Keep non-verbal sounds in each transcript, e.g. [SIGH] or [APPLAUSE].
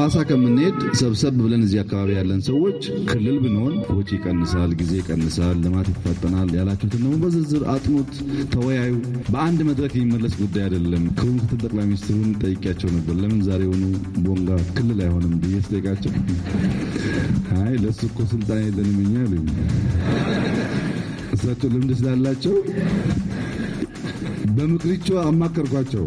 ሐዋሳ ከምንሄድ ሰብሰብ ብለን እዚህ አካባቢ ያለን ሰዎች ክልል ብንሆን ወጪ ይቀንሳል፣ ጊዜ ይቀንሳል፣ ልማት ይፋጠናል። ያላችሁትን ደግሞ በዝርዝር አጥኑት፣ ተወያዩ። በአንድ መድረክ የሚመለስ ጉዳይ አይደለም። ክቡር ምክትል ጠቅላይ ሚኒስትሩን ጠይቂያቸው ነበር። ለምን ዛሬውኑ ቦንጋ ክልል አይሆንም ብዬ ስጠይቃቸው አይ ለሱ እኮ ስልጣን የለንም እኛ አሉኝ። እሳቸው ልምድ ስላላቸው በምክሪቸው አማከርኳቸው።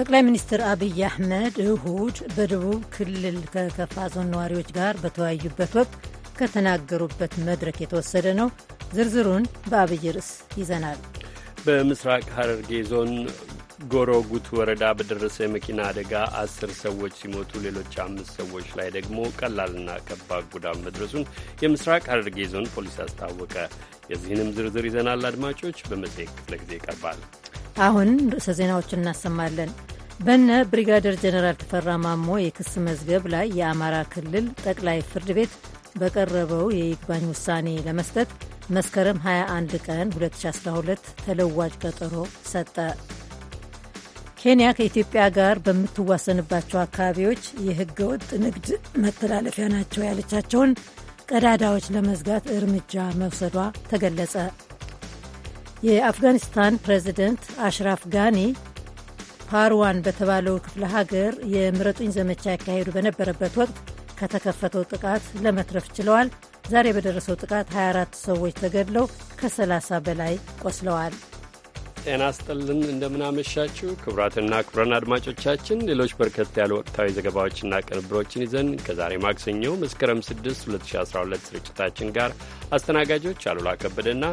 ጠቅላይ ሚኒስትር አብይ አህመድ እሁድ በደቡብ ክልል ከከፋ ዞን ነዋሪዎች ጋር በተወያዩበት ወቅት ከተናገሩበት መድረክ የተወሰደ ነው። ዝርዝሩን በአብይ ርዕስ ይዘናል። በምስራቅ ሐረርጌ ዞን ጎሮ ወረዳ በደረሰ የመኪና አደጋ አስር ሰዎች ሲሞቱ ሌሎች አምስት ሰዎች ላይ ደግሞ ቀላልና ከባድ ጉዳት መድረሱን የምስራቅ ሐረርጌ ዞን ፖሊስ አስታወቀ። የዚህንም ዝርዝር ይዘናል አድማጮች፣ በመጽሔት ክፍለ ጊዜ ይቀርባል። አሁን ርዕሰ ዜናዎችን እናሰማለን። በነ ብሪጋደር ጀኔራል ተፈራ ማሞ የክስ መዝገብ ላይ የአማራ ክልል ጠቅላይ ፍርድ ቤት በቀረበው የይግባኝ ውሳኔ ለመስጠት መስከረም 21 ቀን 2012 ተለዋጭ ቀጠሮ ሰጠ። ኬንያ ከኢትዮጵያ ጋር በምትዋሰንባቸው አካባቢዎች የህገወጥ ንግድ መተላለፊያ ናቸው ያለቻቸውን ቀዳዳዎች ለመዝጋት እርምጃ መውሰዷ ተገለጸ። የአፍጋኒስታን ፕሬዚደንት አሽራፍ ጋኒ ፓርዋን በተባለው ክፍለ ሀገር የምረጡኝ ዘመቻ ያካሄዱ በነበረበት ወቅት ከተከፈተው ጥቃት ለመትረፍ ችለዋል። ዛሬ በደረሰው ጥቃት 24 ሰዎች ተገድለው ከ30 በላይ ቆስለዋል። ጤና ስጥልን እንደምናመሻችሁ ክቡራትና ክቡራን አድማጮቻችን ሌሎች በርከት ያሉ ወቅታዊ ዘገባዎችና ቅንብሮችን ይዘን ከዛሬ ማክሰኞ መስከረም 6 2012 ስርጭታችን ጋር አስተናጋጆች አሉላ ከበደና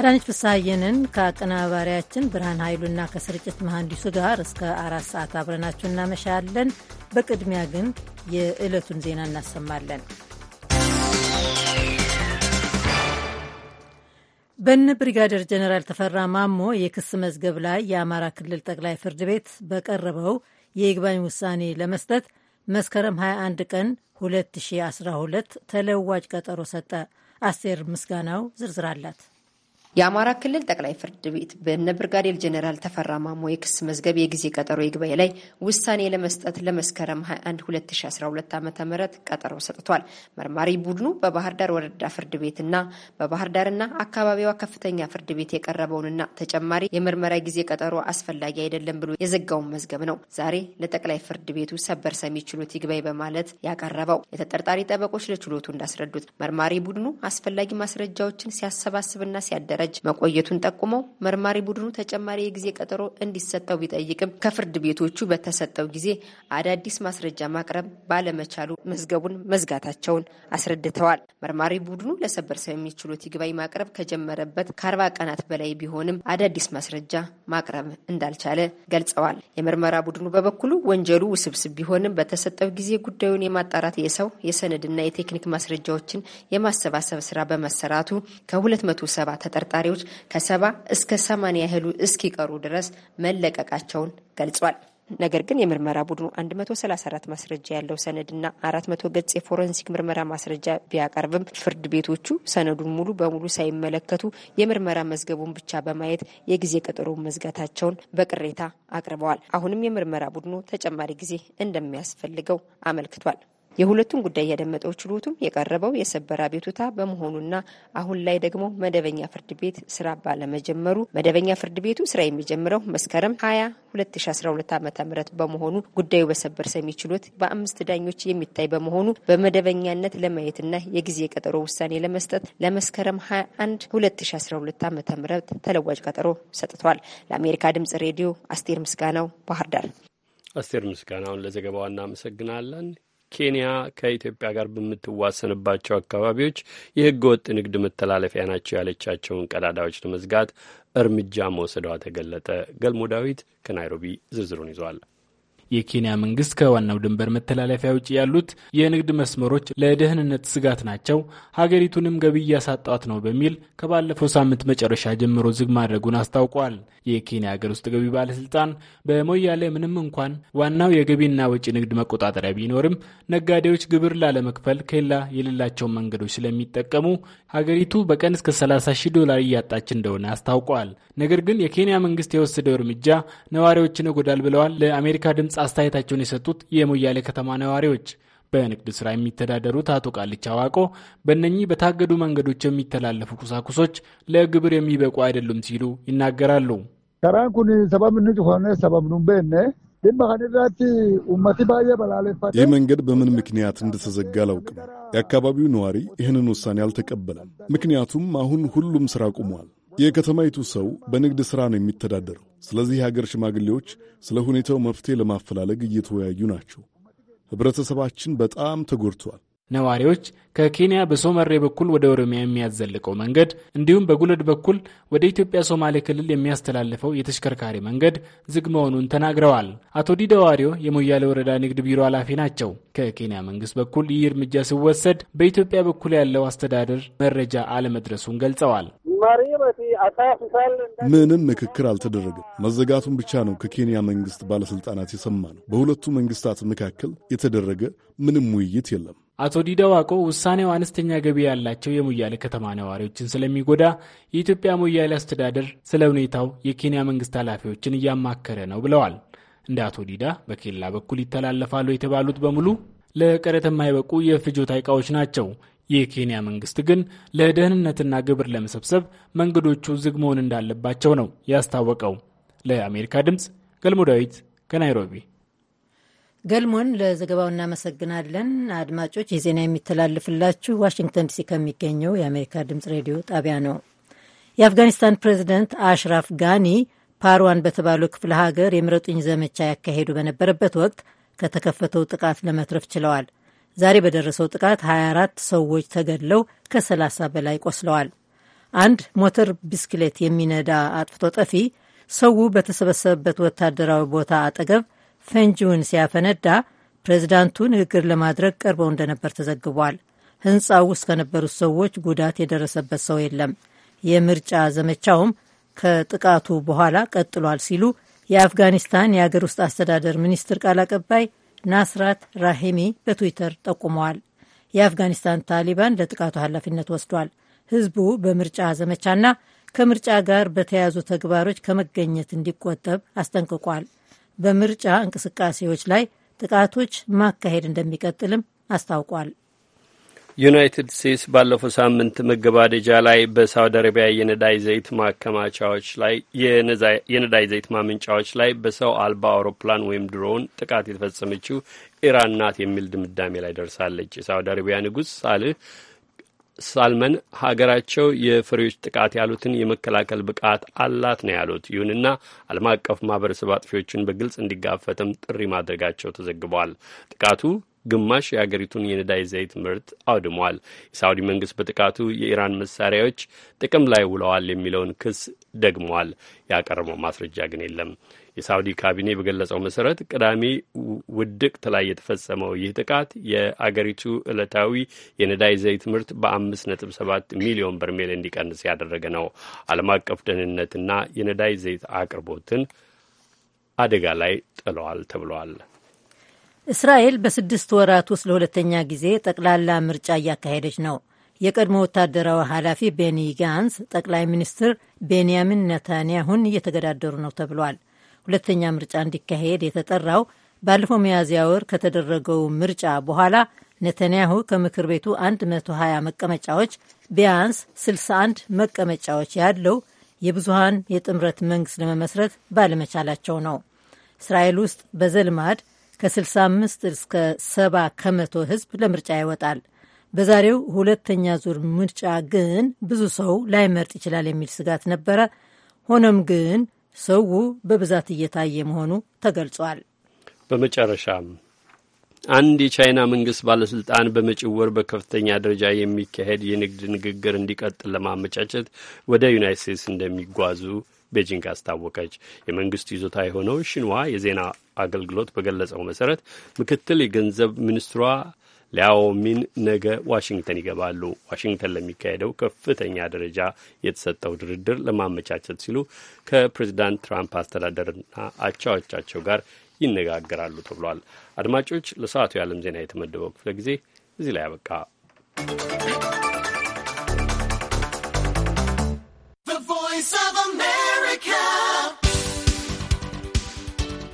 አዳነች ፍስሐዬንን ከአቀናባሪያችን ብርሃን ኃይሉና ከስርጭት መሐንዲሱ ጋር እስከ አራት ሰዓት አብረናችሁ እናመሻለን። በቅድሚያ ግን የዕለቱን ዜና እናሰማለን። በነ ብሪጋደር ጀኔራል ተፈራ ማሞ የክስ መዝገብ ላይ የአማራ ክልል ጠቅላይ ፍርድ ቤት በቀረበው የይግባኝ ውሳኔ ለመስጠት መስከረም 21 ቀን 2012 ተለዋጭ ቀጠሮ ሰጠ። አስቴር ምስጋናው ዝርዝር አላት። የአማራ ክልል ጠቅላይ ፍርድ ቤት በእነ ብርጋዴር ጀኔራል ተፈራ ማሞ የክስ መዝገብ የጊዜ ቀጠሮ ይግባይ ላይ ውሳኔ ለመስጠት ለመስከረም 21 2012 ዓ ም ቀጠሮ ሰጥቷል። መርማሪ ቡድኑ በባህር ዳር ወረዳ ፍርድ ቤትና በባህር ዳርና አካባቢዋ ከፍተኛ ፍርድ ቤት የቀረበውንና ተጨማሪ የምርመራ ጊዜ ቀጠሮ አስፈላጊ አይደለም ብሎ የዘጋውን መዝገብ ነው ዛሬ ለጠቅላይ ፍርድ ቤቱ ሰበር ሰሚ ችሎት ይግባይ በማለት ያቀረበው። የተጠርጣሪ ጠበቆች ለችሎቱ እንዳስረዱት መርማሪ ቡድኑ አስፈላጊ ማስረጃዎችን ሲያሰባስብና ሲያደ ደረጅ መቆየቱን ጠቁመው መርማሪ ቡድኑ ተጨማሪ የጊዜ ቀጠሮ እንዲሰጠው ቢጠይቅም ከፍርድ ቤቶቹ በተሰጠው ጊዜ አዳዲስ ማስረጃ ማቅረብ ባለመቻሉ መዝገቡን መዝጋታቸውን አስረድተዋል። መርማሪ ቡድኑ ለሰበር ሰሚ ችሎት ይግባኝ ማቅረብ ከጀመረበት ከአርባ ቀናት በላይ ቢሆንም አዳዲስ ማስረጃ ማቅረብ እንዳልቻለ ገልጸዋል። የምርመራ ቡድኑ በበኩሉ ወንጀሉ ውስብስብ ቢሆንም በተሰጠው ጊዜ ጉዳዩን የማጣራት የሰው የሰነድና የቴክኒክ ማስረጃዎችን የማሰባሰብ ስራ በመሰራቱ ከሁለት መቶ ሰባ ተጠርጣሪ ተጠርጣሪዎች ከሰባ እስከ ሰማንያ ያህሉ እስኪቀሩ ድረስ መለቀቃቸውን ገልጿል። ነገር ግን የምርመራ ቡድኑ 134 ማስረጃ ያለው ሰነድና 400 ገጽ የፎረንሲክ ምርመራ ማስረጃ ቢያቀርብም ፍርድ ቤቶቹ ሰነዱን ሙሉ በሙሉ ሳይመለከቱ የምርመራ መዝገቡን ብቻ በማየት የጊዜ ቀጠሮ መዝጋታቸውን በቅሬታ አቅርበዋል። አሁንም የምርመራ ቡድኑ ተጨማሪ ጊዜ እንደሚያስፈልገው አመልክቷል። የሁለቱን ጉዳይ ያደመጠው ችሎቱም የቀረበው የሰበር አቤቱታ በመሆኑና አሁን ላይ ደግሞ መደበኛ ፍርድ ቤት ስራ ባለመጀመሩ መደበኛ ፍርድ ቤቱ ስራ የሚጀምረው መስከረም 20 2012 ዓ ም በመሆኑ ጉዳዩ በሰበር ሰሚ ችሎት በአምስት ዳኞች የሚታይ በመሆኑ በመደበኛነት ለማየትና የጊዜ ቀጠሮ ውሳኔ ለመስጠት ለመስከረም 21 2012 ዓ ም ተለዋጭ ቀጠሮ ሰጥቷል። ለአሜሪካ ድምጽ ሬዲዮ አስቴር ምስጋናው ባህር ዳር። አስቴር ምስጋናውን ለዘገባዋ እናመሰግናለን። ኬንያ ከኢትዮጵያ ጋር በምትዋሰንባቸው አካባቢዎች የህገ ወጥ ንግድ መተላለፊያ ናቸው ያለቻቸውን ቀዳዳዎች ለመዝጋት እርምጃ መውሰዷ ተገለጠ። ገልሞ ዳዊት ከናይሮቢ ዝርዝሩን ይዟል። የኬንያ መንግስት ከዋናው ድንበር መተላለፊያ ውጭ ያሉት የንግድ መስመሮች ለደህንነት ስጋት ናቸው፣ ሀገሪቱንም ገቢ እያሳጧት ነው በሚል ከባለፈው ሳምንት መጨረሻ ጀምሮ ዝግ ማድረጉን አስታውቋል። የኬንያ ሀገር ውስጥ ገቢ ባለስልጣን በሞያሌ ምንም እንኳን ዋናው የገቢና ወጪ ንግድ መቆጣጠሪያ ቢኖርም ነጋዴዎች ግብር ላለመክፈል ኬላ የሌላቸውን መንገዶች ስለሚጠቀሙ ሀገሪቱ በቀን እስከ 30 ሺህ ዶላር እያጣች እንደሆነ አስታውቋል። ነገር ግን የኬንያ መንግስት የወሰደው እርምጃ ነዋሪዎችን ይጎዳል ብለዋል። ለአሜሪካ ድምፅ አስተያየታቸውን የሰጡት የሞያሌ ከተማ ነዋሪዎች በንግድ ስራ የሚተዳደሩት አቶ ቃልቻ ዋቆ በእነኚህ በታገዱ መንገዶች የሚተላለፉ ቁሳቁሶች ለግብር የሚበቁ አይደሉም ሲሉ ይናገራሉ። ይህ መንገድ በምን ምክንያት እንደተዘጋ አላውቅም። የአካባቢው ነዋሪ ይህንን ውሳኔ አልተቀበለም። ምክንያቱም አሁን ሁሉም ስራ ቁሟል። የከተማይቱ ሰው በንግድ ስራ ነው የሚተዳደረው። ስለዚህ የሀገር ሽማግሌዎች ስለ ሁኔታው መፍትሄ ለማፈላለግ እየተወያዩ ናቸው። ኅብረተሰባችን በጣም ተጎድቷል። ነዋሪዎች ከኬንያ በሶመሬ በኩል ወደ ኦሮሚያ የሚያዘልቀው መንገድ እንዲሁም በጉለድ በኩል ወደ ኢትዮጵያ ሶማሌ ክልል የሚያስተላልፈው የተሽከርካሪ መንገድ ዝግ መሆኑን ተናግረዋል። አቶ ዲደዋሪዮ ዋሪዮ የሞያሌ ወረዳ ንግድ ቢሮ ኃላፊ ናቸው። ከኬንያ መንግስት በኩል ይህ እርምጃ ሲወሰድ በኢትዮጵያ በኩል ያለው አስተዳደር መረጃ አለመድረሱን ገልጸዋል። ምንም ምክክር አልተደረገም። መዘጋቱን ብቻ ነው ከኬንያ መንግስት ባለስልጣናት የሰማ ነው። በሁለቱ መንግስታት መካከል የተደረገ ምንም ውይይት የለም። አቶ ዲዳ ዋቆ ውሳኔው አነስተኛ ገቢ ያላቸው የሞያሌ ከተማ ነዋሪዎችን ስለሚጎዳ የኢትዮጵያ ሞያሌ አስተዳደር ስለ ሁኔታው የኬንያ መንግስት ኃላፊዎችን እያማከረ ነው ብለዋል። እንደ አቶ ዲዳ በኬላ በኩል ይተላለፋሉ የተባሉት በሙሉ ለቀረጥ የማይበቁ የፍጆታ ዕቃዎች ናቸው። የኬንያ መንግስት ግን ለደህንነትና ግብር ለመሰብሰብ መንገዶቹ ዝግ መሆን እንዳለባቸው ነው ያስታወቀው። ለአሜሪካ ድምፅ ገልሞ ዳዊት ከናይሮቢ ገልሞን ለዘገባው እናመሰግናለን። አድማጮች የዜና የሚተላልፍላችሁ የሚተላለፍላችሁ ዋሽንግተን ዲሲ ከሚገኘው የአሜሪካ ድምጽ ሬዲዮ ጣቢያ ነው። የአፍጋኒስታን ፕሬዚደንት አሽራፍ ጋኒ ፓርዋን በተባለው ክፍለ ሀገር የምረጡኝ ዘመቻ ያካሄዱ በነበረበት ወቅት ከተከፈተው ጥቃት ለመትረፍ ችለዋል። ዛሬ በደረሰው ጥቃት 24 ሰዎች ተገድለው ከ30 በላይ ቆስለዋል። አንድ ሞተር ብስክሌት የሚነዳ አጥፍቶ ጠፊ ሰው በተሰበሰበበት ወታደራዊ ቦታ አጠገብ ፈንጂውን ሲያፈነዳ ፕሬዚዳንቱ ንግግር ለማድረግ ቀርበው እንደነበር ተዘግቧል። ህንፃው ውስጥ ከነበሩት ሰዎች ጉዳት የደረሰበት ሰው የለም። የምርጫ ዘመቻውም ከጥቃቱ በኋላ ቀጥሏል ሲሉ የአፍጋኒስታን የአገር ውስጥ አስተዳደር ሚኒስትር ቃል አቀባይ ናስራት ራሂሚ በትዊተር ጠቁመዋል። የአፍጋኒስታን ታሊባን ለጥቃቱ ኃላፊነት ወስዷል። ህዝቡ በምርጫ ዘመቻና ከምርጫ ጋር በተያያዙ ተግባሮች ከመገኘት እንዲቆጠብ አስጠንቅቋል። በምርጫ እንቅስቃሴዎች ላይ ጥቃቶች ማካሄድ እንደሚቀጥልም አስታውቋል። ዩናይትድ ስቴትስ ባለፈው ሳምንት መገባደጃ ላይ በሳውዲ አረቢያ የነዳጅ ዘይት ማከማቻዎች ላይ የነዳጅ ዘይት ማመንጫዎች ላይ በሰው አልባ አውሮፕላን ወይም ድሮን ጥቃት የተፈጸመችው ኢራን ናት የሚል ድምዳሜ ላይ ደርሳለች። የሳውዲ አረቢያ ንጉሥ ሳልህ ሳልመን ሀገራቸው የፍሬዎች ጥቃት ያሉትን የመከላከል ብቃት አላት ነው ያሉት። ይሁንና ዓለም አቀፍ ማህበረሰብ አጥፊዎችን በግልጽ እንዲጋፈትም ጥሪ ማድረጋቸው ተዘግቧል። ጥቃቱ ግማሽ የአገሪቱን የነዳጅ ዘይት ምርት አውድሟል። የሳውዲ መንግስት በጥቃቱ የኢራን መሳሪያዎች ጥቅም ላይ ውለዋል የሚለውን ክስ ደግሟል። ያቀረበው ማስረጃ ግን የለም። የሳውዲ ካቢኔ በገለጸው መሰረት ቅዳሜ ውድቅት ላይ የተፈጸመው ይህ ጥቃት የአገሪቱ ዕለታዊ የነዳይ ዘይት ምርት በአምስት ነጥብ ሰባት ሚሊዮን በርሜል እንዲቀንስ ያደረገ ነው። ዓለም አቀፍ ደህንነትና የነዳይ ዘይት አቅርቦትን አደጋ ላይ ጥለዋል ተብለዋል። እስራኤል በስድስት ወራት ውስጥ ለሁለተኛ ጊዜ ጠቅላላ ምርጫ እያካሄደች ነው። የቀድሞ ወታደራዊ ኃላፊ ቤኒ ጋንስ ጠቅላይ ሚኒስትር ቤንያሚን ነታንያሁን እየተገዳደሩ ነው ተብሏል። ሁለተኛ ምርጫ እንዲካሄድ የተጠራው ባለፈው ሚያዝያ ወር ከተደረገው ምርጫ በኋላ ነተንያሁ ከምክር ቤቱ 120 መቀመጫዎች ቢያንስ 61 መቀመጫዎች ያለው የብዙሃን የጥምረት መንግስት ለመመስረት ባለመቻላቸው ነው። እስራኤል ውስጥ በዘልማድ ከ65 እስከ 70 ከመቶ ህዝብ ለምርጫ ይወጣል። በዛሬው ሁለተኛ ዙር ምርጫ ግን ብዙ ሰው ላይመርጥ ይችላል የሚል ስጋት ነበረ። ሆኖም ግን ሰው በብዛት እየታየ መሆኑ ተገልጿል። በመጨረሻም አንድ የቻይና መንግስት ባለስልጣን በመጪው ወር በከፍተኛ ደረጃ የሚካሄድ የንግድ ንግግር እንዲቀጥል ለማመቻቸት ወደ ዩናይት ስቴትስ እንደሚጓዙ ቤጂንግ አስታወቀች። የመንግስቱ ይዞታ የሆነው ሽንዋ የዜና አገልግሎት በገለጸው መሰረት ምክትል የገንዘብ ሚኒስትሯ ሊያኦሚን ነገ ዋሽንግተን ይገባሉ። ዋሽንግተን ለሚካሄደው ከፍተኛ ደረጃ የተሰጠው ድርድር ለማመቻቸት ሲሉ ከፕሬዚዳንት ትራምፕ አስተዳደርና አቻዎቻቸው ጋር ይነጋገራሉ ተብሏል። አድማጮች፣ ለሰዓቱ የዓለም ዜና የተመደበው ክፍለ ጊዜ እዚህ ላይ አበቃ።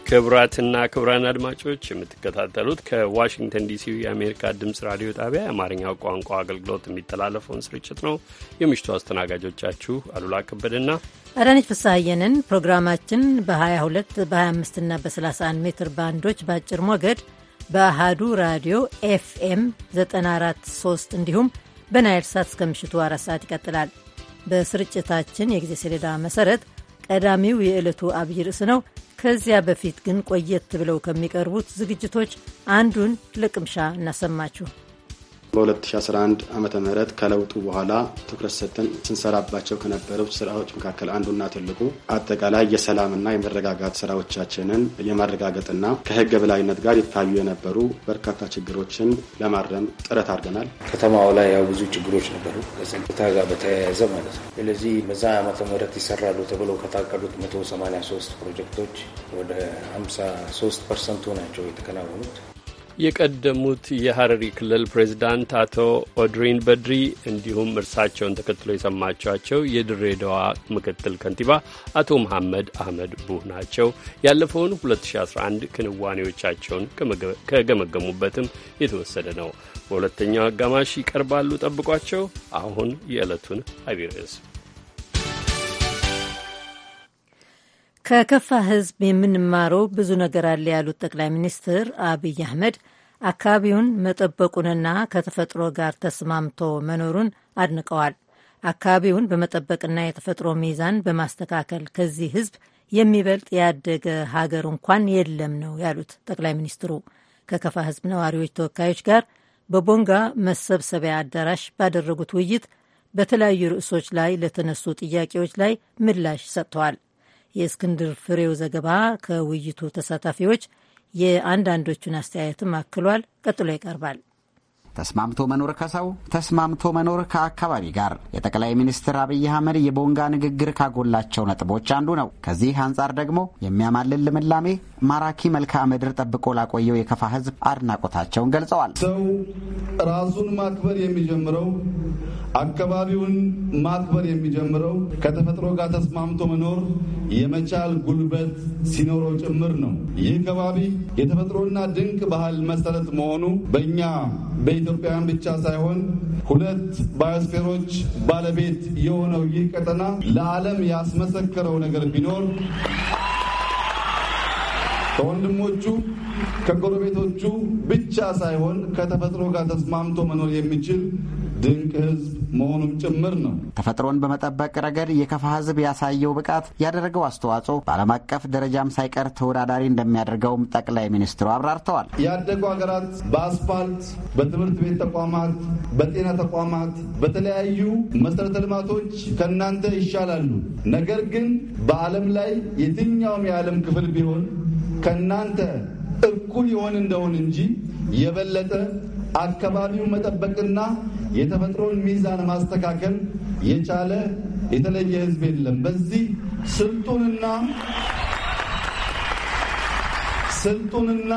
ክቡራትና ክቡራን አድማጮች የምትከታተሉት ከዋሽንግተን ዲሲ የአሜሪካ ድምፅ ራዲዮ ጣቢያ የአማርኛው ቋንቋ አገልግሎት የሚተላለፈውን ስርጭት ነው። የምሽቱ አስተናጋጆቻችሁ አሉላ ከበደና አዳነች ፍስሐየንን። ፕሮግራማችን በ22 በ25ና በ31 ሜትር ባንዶች በአጭር ሞገድ በአሃዱ ራዲዮ ኤፍኤም 943 እንዲሁም በናይል ሳት እስከ ምሽቱ አራት ሰዓት ይቀጥላል። በስርጭታችን የጊዜ ሰሌዳ መሰረት ቀዳሚው የዕለቱ አብይ ርዕስ ነው። ከዚያ በፊት ግን ቆየት ብለው ከሚቀርቡት ዝግጅቶች አንዱን ለቅምሻ እናሰማችሁ። በ2011 ዓ ም ከለውጡ በኋላ ትኩረት ሰጥተን ስንሰራባቸው ከነበረው ስራዎች መካከል አንዱና ትልቁ አጠቃላይ የሰላምና የመረጋጋት ስራዎቻችንን የማረጋገጥና ከህግ በላይነት ጋር ይታዩ የነበሩ በርካታ ችግሮችን ለማረም ጥረት አድርገናል። ከተማው ላይ ያው ብዙ ችግሮች ነበሩ ከጸጥታ ጋር በተያያዘ ማለት ነው። ስለዚህ በዛ ዓመተ ምህረት ይሰራሉ ተብለው ከታቀዱት 183 ፕሮጀክቶች ወደ 53 ፐርሰንቱ ናቸው የተከናወኑት። የቀደሙት የሀረሪ ክልል ፕሬዚዳንት አቶ ኦድሪን በድሪ እንዲሁም እርሳቸውን ተከትሎ የሰማችኋቸው የድሬዳዋ ምክትል ከንቲባ አቶ መሐመድ አህመድ ቡህ ናቸው። ያለፈውን 2011 ክንዋኔዎቻቸውን ከገመገሙበትም የተወሰደ ነው። በሁለተኛው አጋማሽ ይቀርባሉ። ጠብቋቸው። አሁን የዕለቱን አቢይ ርዕስ ከከፋ ህዝብ የምንማረው ብዙ ነገር አለ ያሉት ጠቅላይ ሚኒስትር አብይ አህመድ አካባቢውን መጠበቁንና ከተፈጥሮ ጋር ተስማምቶ መኖሩን አድንቀዋል። አካባቢውን በመጠበቅና የተፈጥሮ ሚዛን በማስተካከል ከዚህ ህዝብ የሚበልጥ ያደገ ሀገር እንኳን የለም ነው ያሉት ጠቅላይ ሚኒስትሩ ከከፋ ህዝብ ነዋሪዎች ተወካዮች ጋር በቦንጋ መሰብሰቢያ አዳራሽ ባደረጉት ውይይት በተለያዩ ርዕሶች ላይ ለተነሱ ጥያቄዎች ላይ ምላሽ ሰጥተዋል። የእስክንድር ፍሬው ዘገባ ከውይይቱ ተሳታፊዎች የአንዳንዶቹን አስተያየትም አክሏል። ቀጥሎ ይቀርባል። ተስማምቶ መኖር ከሰው ተስማምቶ መኖር ከአካባቢ ጋር የጠቅላይ ሚኒስትር አብይ አህመድ የቦንጋ ንግግር ካጎላቸው ነጥቦች አንዱ ነው። ከዚህ አንጻር ደግሞ የሚያማልል ልምላሜ ማራኪ መልክዓ ምድር ጠብቆ ላቆየው የከፋ ህዝብ አድናቆታቸውን ገልጸዋል። ሰው ራሱን ማክበር የሚጀምረው አካባቢውን ማክበር የሚጀምረው ከተፈጥሮ ጋር ተስማምቶ መኖር የመቻል ጉልበት ሲኖረው ጭምር ነው። ይህ ከባቢ የተፈጥሮና ድንቅ ባህል መሰረት መሆኑ በእኛ በኢትዮጵያውያን ብቻ ሳይሆን ሁለት ባዮስፌሮች ባለቤት የሆነው ይህ ቀጠና ለዓለም ያስመሰከረው ነገር ቢኖር ከወንድሞቹ ከጎረቤቶቹ ብቻ ሳይሆን ከተፈጥሮ ጋር ተስማምቶ መኖር የሚችል ድንቅ ህዝብ መሆኑም ጭምር ነው። ተፈጥሮን በመጠበቅ ረገድ የከፋ ህዝብ ያሳየው ብቃት ያደረገው አስተዋጽኦ በዓለም አቀፍ ደረጃም ሳይቀር ተወዳዳሪ እንደሚያደርገውም ጠቅላይ ሚኒስትሩ አብራርተዋል። ያደጉ ሀገራት በአስፋልት፣ በትምህርት ቤት ተቋማት፣ በጤና ተቋማት፣ በተለያዩ መሰረተ ልማቶች ከእናንተ ይሻላሉ። ነገር ግን በዓለም ላይ የትኛውም የዓለም ክፍል ቢሆን ከእናንተ እኩል የሆን እንደሆን እንጂ የበለጠ አካባቢውን መጠበቅና የተፈጥሮን ሚዛን ማስተካከል የቻለ የተለየ ህዝብ የለም። በዚህ ስልጡንና ስልጡንና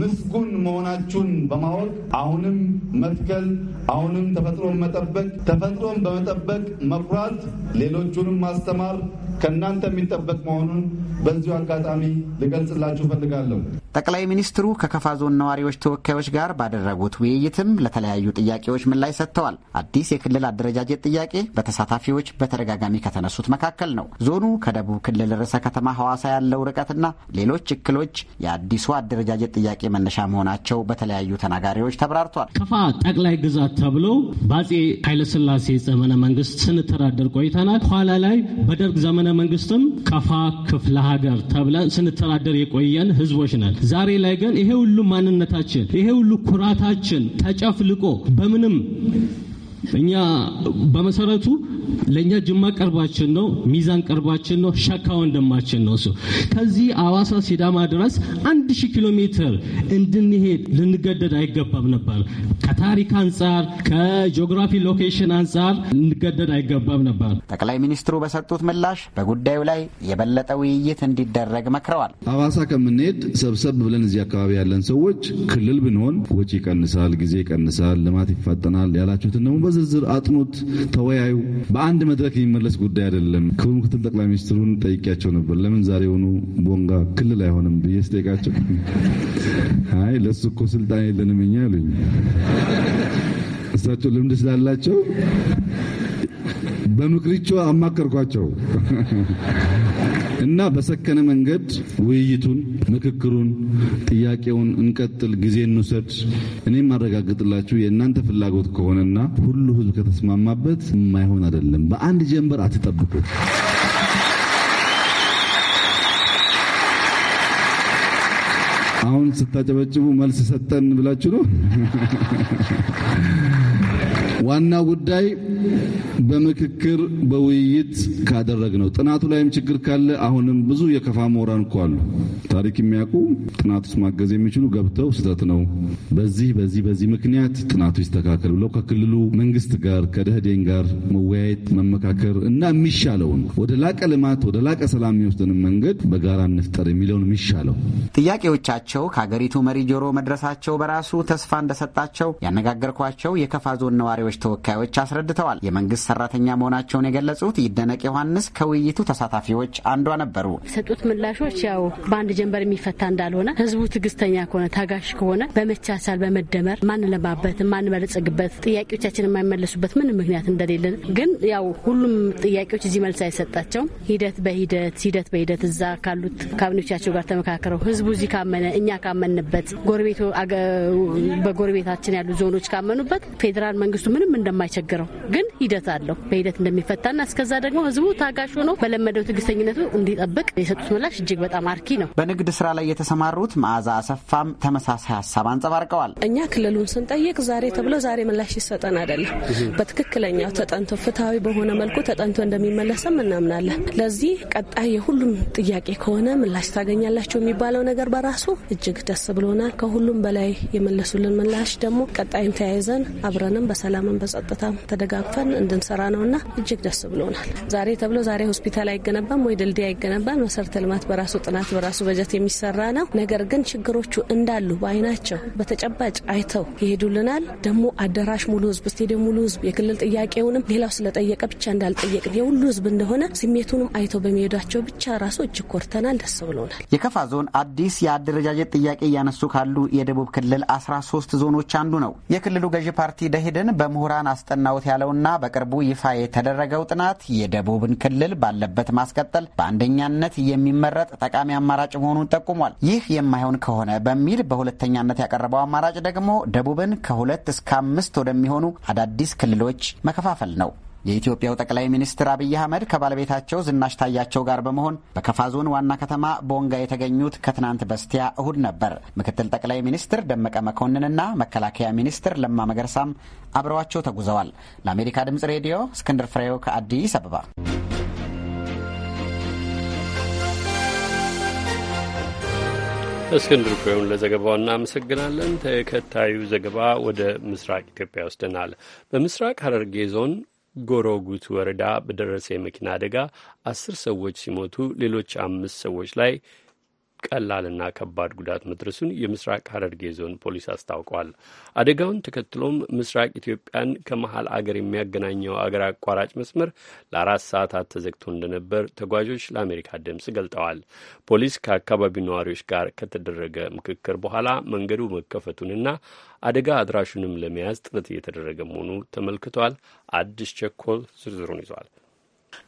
ምስጉን መሆናችሁን በማወቅ አሁንም መትከል፣ አሁንም ተፈጥሮን መጠበቅ፣ ተፈጥሮን በመጠበቅ መኩራት፣ ሌሎቹንም ማስተማር ከእናንተ የሚጠበቅ መሆኑን በዚሁ አጋጣሚ ልገልጽላችሁ ፈልጋለሁ። ጠቅላይ ሚኒስትሩ ከከፋ ዞን ነዋሪዎች ተወካዮች ጋር ባደረጉት ውይይትም ለተለያዩ ጥያቄዎች ምላሽ ሰጥተዋል። አዲስ የክልል አደረጃጀት ጥያቄ በተሳታፊዎች በተደጋጋሚ ከተነሱት መካከል ነው። ዞኑ ከደቡብ ክልል ርዕሰ ከተማ ሐዋሳ ያለው ርቀትና ሌሎች እክሎች የአዲሱ አደረጃጀት ጥያቄ መነሻ መሆናቸው በተለያዩ ተናጋሪዎች ተብራርቷል። ከፋ ጠቅላይ ግዛት ተብሎ በአፄ ኃይለሥላሴ ዘመነ መንግስት ስንተዳደር ቆይተናል። ኋላ ላይ በደርግ ዘመነ መንግስትም ቀፋ ክፍለ ሀገር ተብለን ስንተዳደር የቆየን ህዝቦች ነን። ዛሬ ላይ ግን ይሄ ሁሉ ማንነታችን ይሄ ሁሉ ኩራታችን ተጨፍልቆ በምንም እኛ በመሰረቱ ለእኛ ጅማ ቅርባችን ነው፣ ሚዛን ቅርባችን ነው፣ ሸካ ወንድማችን ነው። እሱ ከዚህ አዋሳ ሲዳማ ድረስ አንድ ሺህ ኪሎ ሜትር እንድንሄድ ልንገደድ አይገባም ነበር። ከታሪክ አንጻር፣ ከጂኦግራፊ ሎኬሽን አንጻር ልንገደድ አይገባም ነበር። ጠቅላይ ሚኒስትሩ በሰጡት ምላሽ በጉዳዩ ላይ የበለጠ ውይይት እንዲደረግ መክረዋል። አዋሳ ከምንሄድ ሰብሰብ ብለን እዚህ አካባቢ ያለን ሰዎች ክልል ብንሆን ወጪ ይቀንሳል፣ ጊዜ ይቀንሳል፣ ልማት ይፋጠናል ያላችሁትን ደግሞ በዝርዝር አጥኑት፣ ተወያዩ። በአንድ መድረክ የሚመለስ ጉዳይ አይደለም። ክቡር ምክትል ጠቅላይ ሚኒስትሩን ጠይቄያቸው ነበር። ለምን ዛሬውኑ ቦንጋ ክልል አይሆንም ብዬ ስጠይቃቸው አይ ለሱ እኮ ስልጣን የለንም እኛ አሉኝ። እሳቸው ልምድ ስላላቸው በምክሪቸው አማከርኳቸው። እና በሰከነ መንገድ ውይይቱን፣ ምክክሩን፣ ጥያቄውን እንቀጥል፣ ጊዜ እንውሰድ። እኔም ማረጋግጥላችሁ የእናንተ ፍላጎት ከሆነና ሁሉ ህዝብ ከተስማማበት የማይሆን አይደለም። በአንድ ጀንበር አትጠብቁት። አሁን ስታጨበጭቡ መልስ ሰጠን ብላችሁ ነው። ዋና ጉዳይ በምክክር በውይይት ካደረግነው ጥናቱ ላይም ችግር ካለ አሁንም ብዙ የከፋ ምሁራን እኮ አሉ። ታሪክ የሚያውቁ ጥናት ውስጥ ማገዝ የሚችሉ ገብተው ስህተት ነው፣ በዚህ በዚህ በዚህ ምክንያት ጥናቱ ይስተካከል ብለው ከክልሉ መንግስት ጋር ከደህዴን ጋር መወያየት መመካከር እና የሚሻለውን ወደ ላቀ ልማት ወደ ላቀ ሰላም የሚወስድን መንገድ በጋራ እንፍጠር የሚለውን የሚሻለው ጥያቄዎቻቸው ከሀገሪቱ መሪ ጆሮ መድረሳቸው በራሱ ተስፋ እንደሰጣቸው ያነጋገርኳቸው የከፋ ዞን ነዋሪዎች ተማሪዎች ተወካዮች አስረድተዋል። የመንግስት ሰራተኛ መሆናቸውን የገለጹት ይደነቅ ዮሐንስ ከውይይቱ ተሳታፊዎች አንዷ ነበሩ። የሰጡት ምላሾች ያው በአንድ ጀንበር የሚፈታ እንዳልሆነ ህዝቡ ትዕግስተኛ ከሆነ ታጋሽ ከሆነ በመቻቻል በመደመር ማንለማበት ማንበለጽግበት ጥያቄዎቻችን የማይመለሱበት ምንም ምክንያት እንደሌለን ግን ያው ሁሉም ጥያቄዎች እዚህ መልስ አይሰጣቸውም። ሂደት በሂደት ሂደት በሂደት እዛ ካሉት ካቢኔቶቻቸው ጋር ተመካክረው ህዝቡ እዚህ ካመነ እኛ ካመንበት ጎረቤቱ በጎረቤታችን ያሉ ዞኖች ካመኑበት ፌዴራል መንግስቱ ምንም እንደማይቸግረው ግን ሂደት አለው በሂደት እንደሚፈታና እስከዛ ደግሞ ህዝቡ ታጋሽ ሆኖ በለመደው ትግስተኝነቱ እንዲጠብቅ የሰጡት ምላሽ እጅግ በጣም አርኪ ነው። በንግድ ስራ ላይ የተሰማሩት መዓዛ አሰፋም ተመሳሳይ ሀሳብ አንጸባርቀዋል። እኛ ክልሉን ስንጠይቅ ዛሬ ተብሎ ዛሬ ምላሽ ይሰጠን አይደለም፣ በትክክለኛው ተጠንቶ ፍትሐዊ በሆነ መልኩ ተጠንቶ እንደሚመለስም እናምናለን። ለዚህ ቀጣይ የሁሉም ጥያቄ ከሆነ ምላሽ ታገኛላችሁ የሚባለው ነገር በራሱ እጅግ ደስ ብሎናል። ከሁሉም በላይ የመለሱልን ምላሽ ደግሞ ቀጣይም ተያይዘን አብረንም በሰላም በሰላምን በጸጥታ ተደጋግፈን እንድንሰራ ነውና እጅግ ደስ ብሎናል። ዛሬ ተብሎ ዛሬ ሆስፒታል አይገነባም ወይ ድልድይ አይገነባም። መሰረተ ልማት በራሱ ጥናት በራሱ በጀት የሚሰራ ነው። ነገር ግን ችግሮቹ እንዳሉ በአይናቸው በተጨባጭ አይተው ይሄዱልናል። ደግሞ አዳራሽ ሙሉ ህዝብ፣ ስቴዲየም ሙሉ ህዝብ የክልል ጥያቄውንም ሌላው ስለጠየቀ ብቻ እንዳልጠየቅን የሁሉ ህዝብ እንደሆነ ስሜቱንም አይተው በሚሄዷቸው ብቻ ራሱ እጅግ ኮርተናል፣ ደስ ብሎናል። የከፋ ዞን አዲስ የአደረጃጀት ጥያቄ እያነሱ ካሉ የደቡብ ክልል አስራ ሶስት ዞኖች አንዱ ነው። የክልሉ ገዢ ፓርቲ ደሄደን በመሆ ምሁራን አስጠናውት ያለውና በቅርቡ ይፋ የተደረገው ጥናት የደቡብን ክልል ባለበት ማስቀጠል በአንደኛነት የሚመረጥ ጠቃሚ አማራጭ መሆኑን ጠቁሟል። ይህ የማይሆን ከሆነ በሚል በሁለተኛነት ያቀረበው አማራጭ ደግሞ ደቡብን ከሁለት እስከ አምስት ወደሚሆኑ አዳዲስ ክልሎች መከፋፈል ነው። የኢትዮጵያው ጠቅላይ ሚኒስትር አብይ አህመድ ከባለቤታቸው ዝናሽ ታያቸው ጋር በመሆን በከፋ ዞን ዋና ከተማ ቦንጋ የተገኙት ከትናንት በስቲያ እሁድ ነበር። ምክትል ጠቅላይ ሚኒስትር ደመቀ መኮንንና መከላከያ ሚኒስትር ለማ መገርሳም አብረዋቸው ተጉዘዋል። ለአሜሪካ ድምጽ ሬዲዮ እስክንድር ፍሬው ከአዲስ አበባ። እስክንድር ፍሬውን ለዘገባው እናመሰግናለን። ተከታዩ ዘገባ ወደ ምስራቅ ኢትዮጵያ ይወስደናል። በምስራቅ ሐረርጌ ዞን ጎሮጉት ወረዳ በደረሰ የመኪና አደጋ አስር ሰዎች ሲሞቱ ሌሎች አምስት ሰዎች ላይ ቀላልና ከባድ ጉዳት መድረሱን የምስራቅ ሀረርጌ ዞን ፖሊስ አስታውቋል። አደጋውን ተከትሎም ምስራቅ ኢትዮጵያን ከመሀል አገር የሚያገናኘው አገር አቋራጭ መስመር ለአራት ሰዓታት ተዘግቶ እንደነበር ተጓዦች ለአሜሪካ ድምፅ ገልጠዋል። ፖሊስ ከአካባቢው ነዋሪዎች ጋር ከተደረገ ምክክር በኋላ መንገዱ መከፈቱንና አደጋ አድራሹንም ለመያዝ ጥረት እየተደረገ መሆኑ ተመልክቷል። አዲስ ቸኮል ዝርዝሩን ይዟል።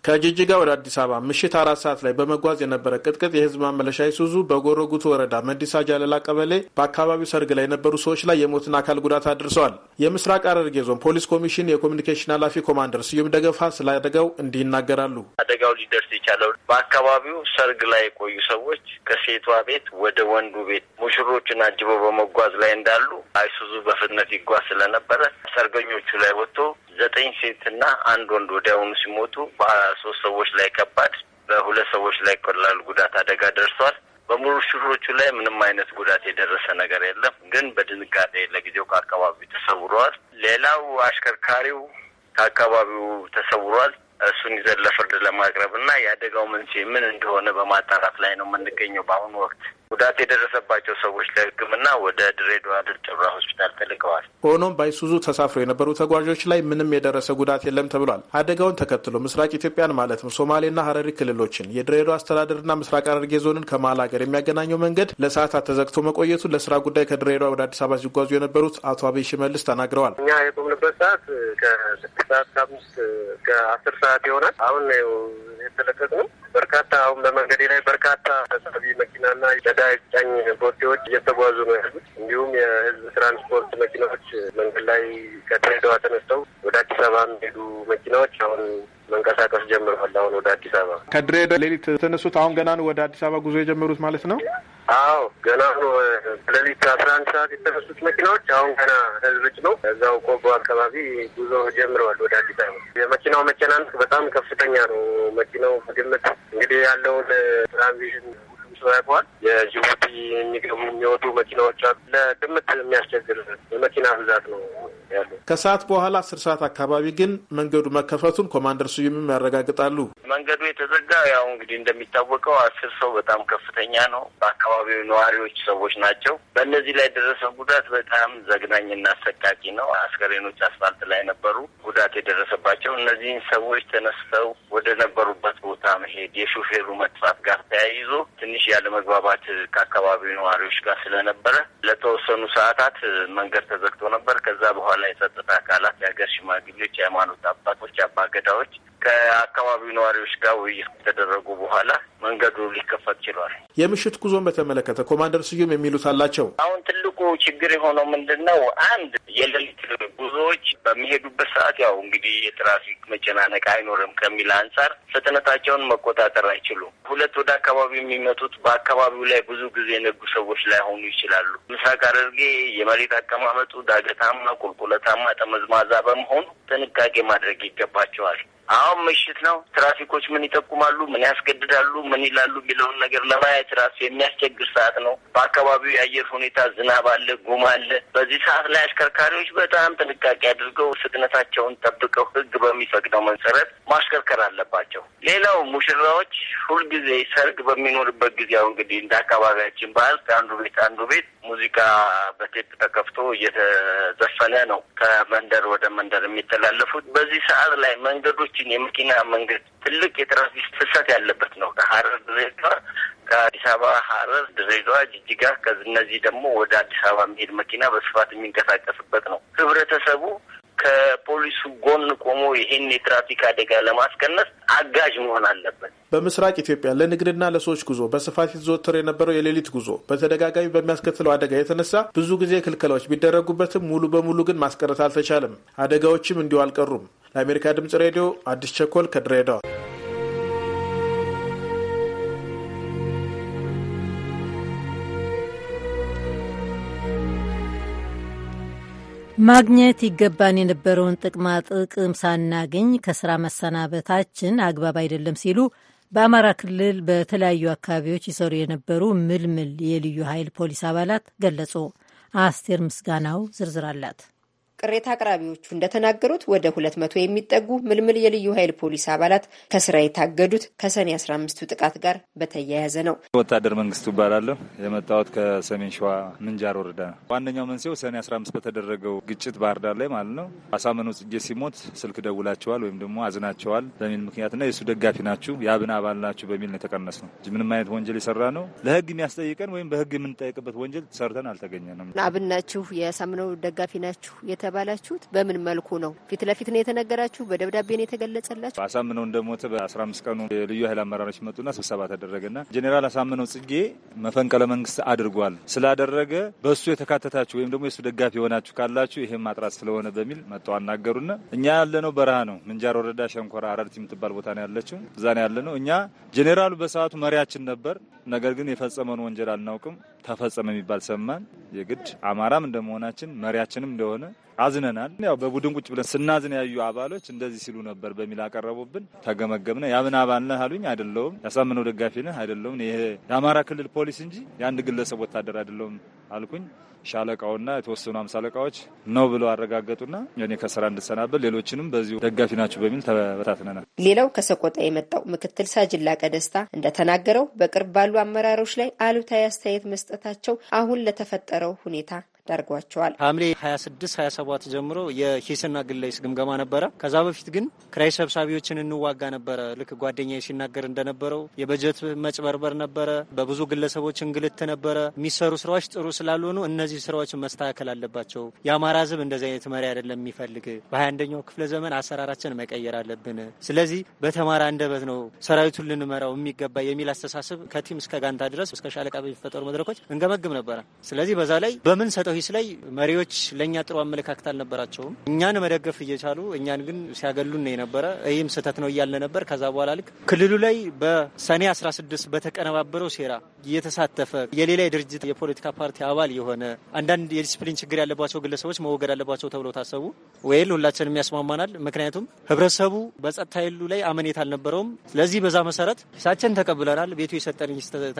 ከጅጅጋ ወደ አዲስ አበባ ምሽት አራት ሰዓት ላይ በመጓዝ የነበረ ቅጥቅጥ የህዝብ ማመለሻ ይሱዙ በጎረጉቱ ወረዳ መዲሳ ጃለላ ቀበሌ በአካባቢው ሰርግ ላይ የነበሩ ሰዎች ላይ የሞትና አካል ጉዳት አድርሰዋል። የምስራቅ ሐረርጌ ዞን ፖሊስ ኮሚሽን የኮሚኒኬሽን ኃላፊ ኮማንደር ስዩም ደገፋ ስለ አደጋው እንዲህ ይናገራሉ። አደጋው ሊደርስ የቻለው በአካባቢው ሰርግ ላይ የቆዩ ሰዎች ከሴቷ ቤት ወደ ወንዱ ቤት ሙሽሮችን አጅበው በመጓዝ ላይ እንዳሉ አይሱዙ በፍጥነት ይጓዝ ስለነበረ ሰርገኞቹ ላይ ወጥቶ ዘጠኝ ሴትና አንድ ወንድ ወዲያውኑ ሲሞቱ በሶስት ሰዎች ላይ ከባድ በሁለት ሰዎች ላይ ቀላል ጉዳት አደጋ ደርሷል። በሙሉ ሹፌሮቹ ላይ ምንም አይነት ጉዳት የደረሰ ነገር የለም፣ ግን በድንጋጤ ለጊዜው ከአካባቢው ተሰውረዋል። ሌላው አሽከርካሪው ከአካባቢው ተሰውሯል። እሱን ይዘን ለፍርድ ለማቅረብ እና የአደጋው መንስኤ ምን እንደሆነ በማጣራት ላይ ነው የምንገኘው። በአሁኑ ወቅት ጉዳት የደረሰባቸው ሰዎች ለሕክምና ወደ ድሬዳዋ ድልጮራ ሆስፒታል ተልከዋል። ሆኖም ባይሱዙ ተሳፍረው የነበሩ ተጓዦች ላይ ምንም የደረሰ ጉዳት የለም ተብሏል። አደጋውን ተከትሎ ምስራቅ ኢትዮጵያን ማለትም ሶማሌና ሀረሪ ክልሎችን የድሬዳዋ አስተዳደርና ምስራቅ ሐረርጌ ዞንን ከመሀል ሀገር የሚያገናኘው መንገድ ለሰዓታት ተዘግቶ መቆየቱ ለስራ ጉዳይ ከድሬዳዋ ወደ አዲስ አበባ ሲጓዙ የነበሩት አቶ አብይ ሽመልስ ተናግረዋል። እኛ የቆምንበት ሰዓት ከስድስት ሰዓት ከአምስት ከአስር ሰዓት ሰዓት ይሆናል። አሁን የተለቀቅ ነው። በርካታ አሁን በመንገዴ ላይ በርካታ ተሳቢ መኪናና ነዳጅ ጫኝ ቦቴዎች እየተጓዙ ነው ያሉት። እንዲሁም የህዝብ ትራንስፖርት መኪናዎች መንገድ ላይ ከድሬዳዋ ተነስተው ወደ አዲስ አበባ የሚሄዱ መኪናዎች አሁን መንቀሳቀስ ጀምረዋል። አሁን ወደ አዲስ አበባ ከድሬዳዋ ሌሊት ተነሱት። አሁን ገና ነው ወደ አዲስ አበባ ጉዞ የጀመሩት ማለት ነው። አዎ ገና ነው። በሌሊት አስራ አንድ ሰዓት የተነሱት መኪናዎች አሁን ገና ህዝብ ጭኖ እዛው ቆቦ አካባቢ ጉዞ ጀምረዋል ወደ አዲስ አበባ። የመኪናው መጨናነቅ በጣም ከፍተኛ ነው። መኪናው ግምት እንግዲህ ያለውን ትራንዚሽን ያውቀዋል። የጅቡቲ የሚገቡ የሚወጡ መኪናዎች አሉ። ለግምት የሚያስቸግር የመኪና ብዛት ነው። ያለው። ከሰዓት በኋላ አስር ሰዓት አካባቢ ግን መንገዱ መከፈቱን ኮማንደር ስዩምም ያረጋግጣሉ። መንገዱ የተዘጋ ያው እንግዲህ እንደሚታወቀው አስር ሰው በጣም ከፍተኛ ነው። በአካባቢው ነዋሪዎች ሰዎች ናቸው። በእነዚህ ላይ የደረሰው ጉዳት በጣም ዘግናኝና አሰቃቂ ነው። አስከሬኖች አስፋልት ላይ ነበሩ ጉዳት የደረሰባቸው። እነዚህን ሰዎች ተነስተው ወደ ነበሩበት ቦታ መሄድ የሾፌሩ መጥፋት ጋር ተያይዞ ትንሽ ያለመግባባት ከአካባቢው ነዋሪዎች ጋር ስለነበረ ለተወሰኑ ሰዓታት መንገድ ተዘግቶ ነበር። ከዛ በኋላ አጠቃላይ የጸጥታ አካላት፣ የሀገር ሽማግሌዎች፣ የሃይማኖት አባቶች፣ አባገዳዎች ከአካባቢው ነዋሪዎች ጋር ውይይት ከተደረጉ በኋላ መንገዱ ሊከፈት ችሏል። የምሽት ጉዞን በተመለከተ ኮማንደር ስዩም የሚሉት አላቸው። አሁን ትልቁ ችግር የሆነው ምንድን ነው? አንድ የሌሊት ጉዞዎች በሚሄዱበት ሰዓት ያው እንግዲህ የትራፊክ መጨናነቅ አይኖርም ከሚል አንጻር ፍጥነታቸውን መቆጣጠር አይችሉም። ሁለት ወደ አካባቢ የሚመጡት በአካባቢው ላይ ብዙ ጊዜ የነጉ ሰዎች ላይሆኑ ይችላሉ። ምስራቅ ሐረርጌ የመሬት አቀማመጡ ዳገታማ ቁልቁል ጨውለታማ ጠመዝማዛ በመሆኑ ጥንቃቄ ማድረግ ይገባቸዋል። አሁን ምሽት ነው። ትራፊኮች ምን ይጠቁማሉ፣ ምን ያስገድዳሉ፣ ምን ይላሉ የሚለውን ነገር ለማየት ራሱ የሚያስቸግር ሰዓት ነው። በአካባቢው የአየር ሁኔታ ዝናብ አለ፣ ጉም አለ። በዚህ ሰዓት ላይ አሽከርካሪዎች በጣም ጥንቃቄ አድርገው ፍጥነታቸውን ጠብቀው ሕግ በሚፈቅደው መሰረት ማሽከርከር አለባቸው። ሌላው ሙሽራዎች ሁልጊዜ ሰርግ በሚኖርበት ጊዜ አሁን እንግዲህ እንደ አካባቢያችን ባህል ከአንዱ ቤት አንዱ ቤት ሙዚቃ በቴፕ ተከፍቶ እየተዘፈነ ነው ከመንደር ወደ መንደር የሚተላለፉት። በዚህ ሰዓት ላይ መንገዶች የሌሎችን የመኪና መንገድ ትልቅ የትራፊክ ፍሰት ያለበት ነው። ከሀረር ድሬዳዋ፣ ከአዲስ አበባ ሀረር፣ ድሬዳዋ፣ ጅጅጋ ከእነዚህ ደግሞ ወደ አዲስ አበባ የሚሄድ መኪና በስፋት የሚንቀሳቀስበት ነው። ህብረተሰቡ ከፖሊሱ ጎን ቆሞ ይህን የትራፊክ አደጋ ለማስቀነስ አጋዥ መሆን አለበት። በምስራቅ ኢትዮጵያ ለንግድና ለሰዎች ጉዞ በስፋት ይዘወተር የነበረው የሌሊት ጉዞ በተደጋጋሚ በሚያስከትለው አደጋ የተነሳ ብዙ ጊዜ ክልከላዎች ቢደረጉበትም ሙሉ በሙሉ ግን ማስቀረት አልተቻለም። አደጋዎችም እንዲሁ አልቀሩም። ለአሜሪካ ድምጽ ሬዲዮ አዲስ ቸኮል ከድሬዳዋ ማግኘት ይገባን የነበረውን ጥቅማ ጥቅም ሳናገኝ ከስራ መሰናበታችን አግባብ አይደለም ሲሉ በአማራ ክልል በተለያዩ አካባቢዎች ይሰሩ የነበሩ ምልምል የልዩ ኃይል ፖሊስ አባላት ገለጹ። አስቴር ምስጋናው ዝርዝር አላት። ቅሬታ አቅራቢዎቹ እንደተናገሩት ወደ ሁለት መቶ የሚጠጉ ምልምል የልዩ ኃይል ፖሊስ አባላት ከስራ የታገዱት ከሰኔ 15ቱ ጥቃት ጋር በተያያዘ ነው። ወታደር መንግስቱ እባላለሁ። የመጣሁት ከሰሜን ሸዋ ምንጃር ወረዳ ነው። ዋነኛው መንስኤው ሰኔ 15 በተደረገው ግጭት ባህርዳር ላይ ማለት ነው አሳምነው ጽጌ ሲሞት ስልክ ደውላቸዋል ወይም ደግሞ አዝናቸዋል በሚል ምክንያትና የእሱ ደጋፊ ናችሁ የአብን አባል ናችሁ በሚል ነው የተቀነስ ነው። ምንም አይነት ወንጀል የሰራ ነው ለህግ የሚያስጠይቀን ወይም በህግ የምንጠይቅበት ወንጀል ሰርተን አልተገኘንም። አብን ናችሁ የአሳምነው ደጋፊ ናችሁ የተባላችሁት በምን መልኩ ነው? ፊት ለፊት ነው የተነገራችሁ? በደብዳቤ ነው የተገለጸላችሁ? አሳምነው እንደሞተ በ አምስት ቀኑ የልዩ ኃይል አመራሮች መጡና ስብሰባ ተደረገና ጄኔራል አሳምነው ጽጌ መፈንቅለ መንግስት አድርጓል ስላደረገ በእሱ የተካተታችሁ ወይም ደግሞ የእሱ ደጋፊ የሆናችሁ ካላችሁ ይህም ማጥራት ስለሆነ በሚል መጠው አናገሩና እኛ ያለነው በረሃ ነው። ምንጃር ወረዳ ሸንኮራ አረርቲ የምትባል ቦታ ነው ያለችው። እዛ ነው ያለነው። እኛ ጄኔራሉ በሰዓቱ መሪያችን ነበር። ነገር ግን የፈጸመውን ወንጀል አናውቅም። ተፈጸመ የሚባል ሰማን። የግድ አማራም እንደመሆናችን መሪያችንም እንደሆነ አዝነናል። ያው በቡድን ቁጭ ብለን ስናዝን ያዩ አባሎች እንደዚህ ሲሉ ነበር በሚል አቀረቡብን። ተገመገምነ። ያምን አባል ነህ አሉኝ። አይደለውም። ያሳምነው ደጋፊ ነህ አይደለውም። ይሄ የአማራ ክልል ፖሊስ እንጂ የአንድ ግለሰብ ወታደር አይደለውም አልኩኝ። ሻለቃውና የተወሰኑ አምሳ አለቃዎች ነው ብለው አረጋገጡና እኔ ከስራ እንድሰናበል ሌሎችንም በዚሁ ደጋፊ ናቸው በሚል ተበታትነናል። ሌላው ከሰቆጣ የመጣው ምክትል ሳጅን ላቀ ደስታ እንደተናገረው በቅርብ ባሉ አመራሮች ላይ አሉታዊ አስተያየት መስጠታቸው አሁን ለተፈጠረው ሁኔታ ዳርጓቸዋል። ሐምሌ 26 27 ጀምሮ የሂስና ግለይስ ግምገማ ነበረ። ከዛ በፊት ግን ክራይ ሰብሳቢዎችን እንዋጋ ነበረ። ልክ ጓደኛ ሲናገር እንደነበረው የበጀት መጭበርበር ነበረ፣ በብዙ ግለሰቦች እንግልት ነበረ። የሚሰሩ ስራዎች ጥሩ ስላልሆኑ እነዚህ ስራዎች መስተካከል አለባቸው። የአማራ ህዝብ እንደዚህ አይነት መሪ አይደለም የሚፈልግ። በ21ኛው ክፍለ ዘመን አሰራራችን መቀየር አለብን። ስለዚህ በተማረ አንደበት ነው ሰራዊቱን ልንመራው የሚገባ የሚል አስተሳሰብ ከቲም እስከ ጋንታ ድረስ እስከ ሻለቃ በሚፈጠሩ መድረኮች እንገመግም ነበረ። ስለዚህ በዛ ላይ በምን ሰጠ በሰው ሂስ ላይ መሪዎች ለእኛ ጥሩ አመለካከት አልነበራቸውም። እኛን መደገፍ እየቻሉ እኛን ግን ሲያገሉን የነበረ ይህም ስህተት ነው እያለ ነበር። ከዛ በኋላ ልክ ክልሉ ላይ በሰኔ 16 በተቀነባበረው ሴራ እየተሳተፈ የሌላ የድርጅት የፖለቲካ ፓርቲ አባል የሆነ አንዳንድ የዲስፕሊን ችግር ያለባቸው ግለሰቦች መወገድ አለባቸው ተብሎ ታሰቡ። ወይል ሁላችንም ያስማማናል። ምክንያቱም ህብረተሰቡ በጸጥታ ኃይሉ ላይ አመኔት አልነበረውም። ስለዚህ በዛ መሰረት ሂሳችን ተቀብለናል። ቤቱ የሰጠን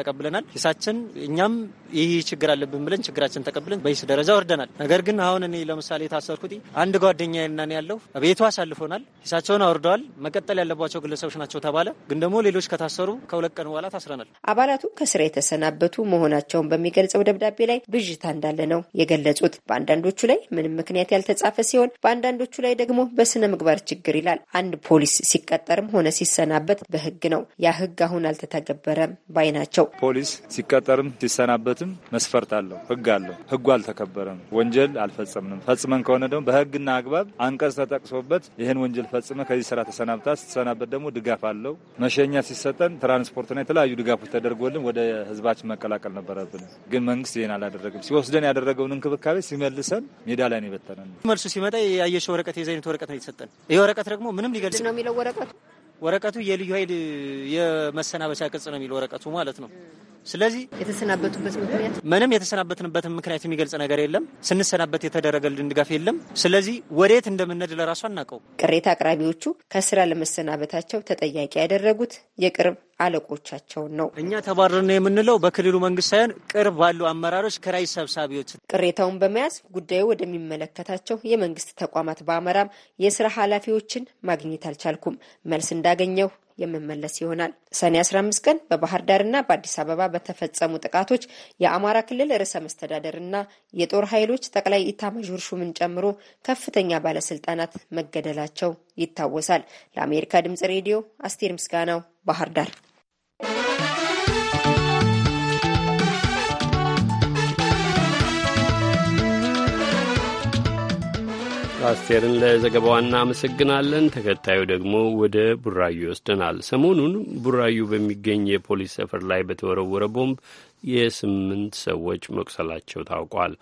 ተቀብለናል። ሂሳችን እኛም ይህ ችግር አለብን ብለን ችግራችን ተቀብለን ደረጃ ወርደናል። ነገር ግን አሁን እኔ ለምሳሌ የታሰርኩት አንድ ጓደኛ እና ያለው ቤቱ አሳልፎናል፣ ሂሳቸውን አውርደዋል፣ መቀጠል ያለባቸው ግለሰቦች ናቸው ተባለ። ግን ደግሞ ሌሎች ከታሰሩ ከሁለት ቀን በኋላ ታስረናል። አባላቱ ከስራ የተሰናበቱ መሆናቸውን በሚገልጸው ደብዳቤ ላይ ብዥታ እንዳለ ነው የገለጹት። በአንዳንዶቹ ላይ ምንም ምክንያት ያልተጻፈ ሲሆን በአንዳንዶቹ ላይ ደግሞ በስነ ምግባር ችግር ይላል። አንድ ፖሊስ ሲቀጠርም ሆነ ሲሰናበት በህግ ነው። ያ ህግ አሁን አልተተገበረም ባይ ናቸው። ፖሊስ ሲቀጠርም ሲሰናበትም መስፈርት አለው፣ ህግ አለው። ህጉ አልተ አልተከበረም። ወንጀል አልፈጸምንም። ፈጽመን ከሆነ ደግሞ በህግና አግባብ አንቀጽ ተጠቅሶበት ይህን ወንጀል ፈጽመ ከዚህ ስራ ተሰናብታ ስትሰናበት ደግሞ ድጋፍ አለው መሸኛ ሲሰጠን ትራንስፖርትና የተለያዩ ድጋፎች ተደርጎልን ወደ ህዝባችን መቀላቀል ነበረብን። ግን መንግስት ይህን አላደረግም። ሲወስደን ያደረገውን እንክብካቤ ሲመልሰን ሜዳ ላይ ነው የበተነን። መልሱ ሲመጣ ያየሽ ወረቀት የዘይነት ወረቀት ነው የተሰጠን። ይህ ወረቀት ደግሞ ምንም ሊገልጽ ነው የሚለው ወረቀቱ ወረቀቱ የልዩ ኃይል የመሰናበቻ ቅጽ ነው የሚለው ወረቀቱ ማለት ነው ስለዚህ የተሰናበቱበት ምክንያት ምንም የተሰናበትንበትን ምክንያት የሚገልጽ ነገር የለም። ስንሰናበት የተደረገልን ድጋፍ የለም። ስለዚህ ወዴት እንደምንሄድ ለራሱ አናውቀው። ቅሬታ አቅራቢዎቹ ከስራ ለመሰናበታቸው ተጠያቂ ያደረጉት የቅርብ አለቆቻቸውን ነው። እኛ ተባረርን የምንለው በክልሉ መንግስት ሳይሆን ቅርብ ባሉ አመራሮች፣ ኪራይ ሰብሳቢዎች ቅሬታውን በመያዝ ጉዳዩ ወደሚመለከታቸው የመንግስት ተቋማት በአመራም የስራ ኃላፊዎችን ማግኘት አልቻልኩም። መልስ እንዳገኘው የምመለስ ይሆናል። ሰኔ 15 ቀን በባህር ዳርና በአዲስ አበባ በተፈጸሙ ጥቃቶች የአማራ ክልል ርዕሰ መስተዳደርና የጦር ኃይሎች ጠቅላይ ኢታማዦር ሹምን ጨምሮ ከፍተኛ ባለስልጣናት መገደላቸው ይታወሳል። ለአሜሪካ ድምጽ ሬዲዮ አስቴር ምስጋናው ባህር ዳር አስቴርን ለዘገባዋ እናመሰግናለን። ተከታዩ ደግሞ ወደ ቡራዩ ይወስደናል። ሰሞኑን ቡራዩ በሚገኝ የፖሊስ ሰፈር ላይ በተወረወረ ቦምብ የስምንት ሰዎች መቁሰላቸው ታውቋል።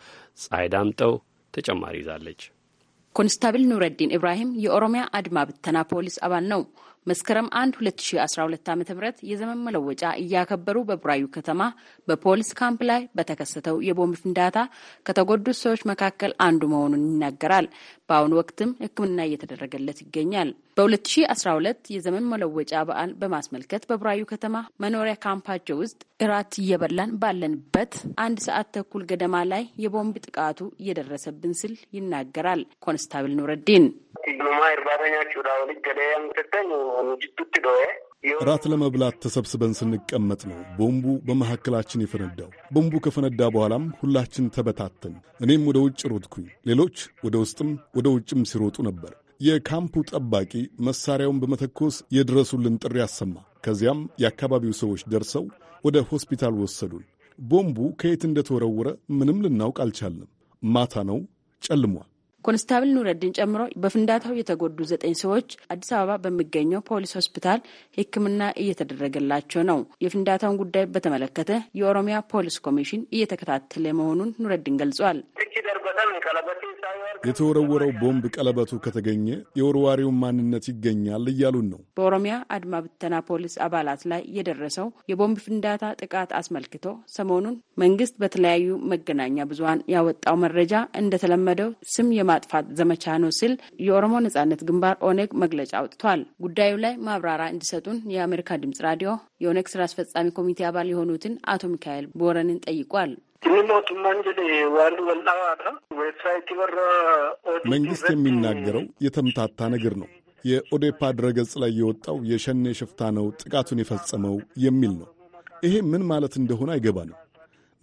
ፀሐይ ዳምጠው ተጨማሪ ይዛለች። ኮንስታብል ኑረዲን ኢብራሂም የኦሮሚያ አድማ ብተና ፖሊስ አባል ነው። መስከረም 1 2012 ዓ ም የዘመን መለወጫ እያከበሩ በቡራዩ ከተማ በፖሊስ ካምፕ ላይ በተከሰተው የቦምብ ፍንዳታ ከተጎዱት ሰዎች መካከል አንዱ መሆኑን ይናገራል። በአሁኑ ወቅትም ሕክምና እየተደረገለት ይገኛል። በ2012 የዘመን መለወጫ በዓል በማስመልከት በቡራዩ ከተማ መኖሪያ ካምፓቸው ውስጥ እራት እየበላን ባለንበት አንድ ሰዓት ተኩል ገደማ ላይ የቦምብ ጥቃቱ እየደረሰብን ስል ይናገራል ኮንስታብል ኑረዲን። እራት ለመብላት ተሰብስበን ስንቀመጥ ነው ቦምቡ በመካከላችን የፈነዳው። ቦምቡ ከፈነዳ በኋላም ሁላችን ተበታተን፣ እኔም ወደ ውጭ ሮጥኩኝ። ሌሎች ወደ ውስጥም ወደ ውጭም ሲሮጡ ነበር። የካምፑ ጠባቂ መሳሪያውን በመተኮስ የድረሱልን ጥሪ አሰማ። ከዚያም የአካባቢው ሰዎች ደርሰው ወደ ሆስፒታል ወሰዱን። ቦምቡ ከየት እንደተወረወረ ምንም ልናውቅ አልቻልንም። ማታ ነው፣ ጨልሟል። ኮንስታብል ኑረድን ጨምሮ በፍንዳታው የተጎዱ ዘጠኝ ሰዎች አዲስ አበባ በሚገኘው ፖሊስ ሆስፒታል ሕክምና እየተደረገላቸው ነው። የፍንዳታውን ጉዳይ በተመለከተ የኦሮሚያ ፖሊስ ኮሚሽን እየተከታተለ መሆኑን ኑረድን ገልጿል። የተወረወረው ቦምብ ቀለበቱ ከተገኘ የወርዋሪውን ማንነት ይገኛል እያሉን ነው። በኦሮሚያ አድማ ብተና ፖሊስ አባላት ላይ የደረሰው የቦምብ ፍንዳታ ጥቃት አስመልክቶ ሰሞኑን መንግስት በተለያዩ መገናኛ ብዙሀን ያወጣው መረጃ እንደተለመደው ስም የማጥፋት ዘመቻ ነው ሲል የኦሮሞ ነጻነት ግንባር ኦኔግ መግለጫ አውጥቷል። ጉዳዩ ላይ ማብራሪያ እንዲሰጡን የአሜሪካ ድምጽ ራዲዮ የኦኔግ ስራ አስፈጻሚ ኮሚቴ አባል የሆኑትን አቶ ሚካኤል ቦረንን ጠይቋል። መንግስት የሚናገረው የተምታታ ነገር ነው። የኦዴፓ ድረገጽ ላይ የወጣው የሸኔ ሽፍታ ነው ጥቃቱን የፈጸመው የሚል ነው። ይሄ ምን ማለት እንደሆነ አይገባንም።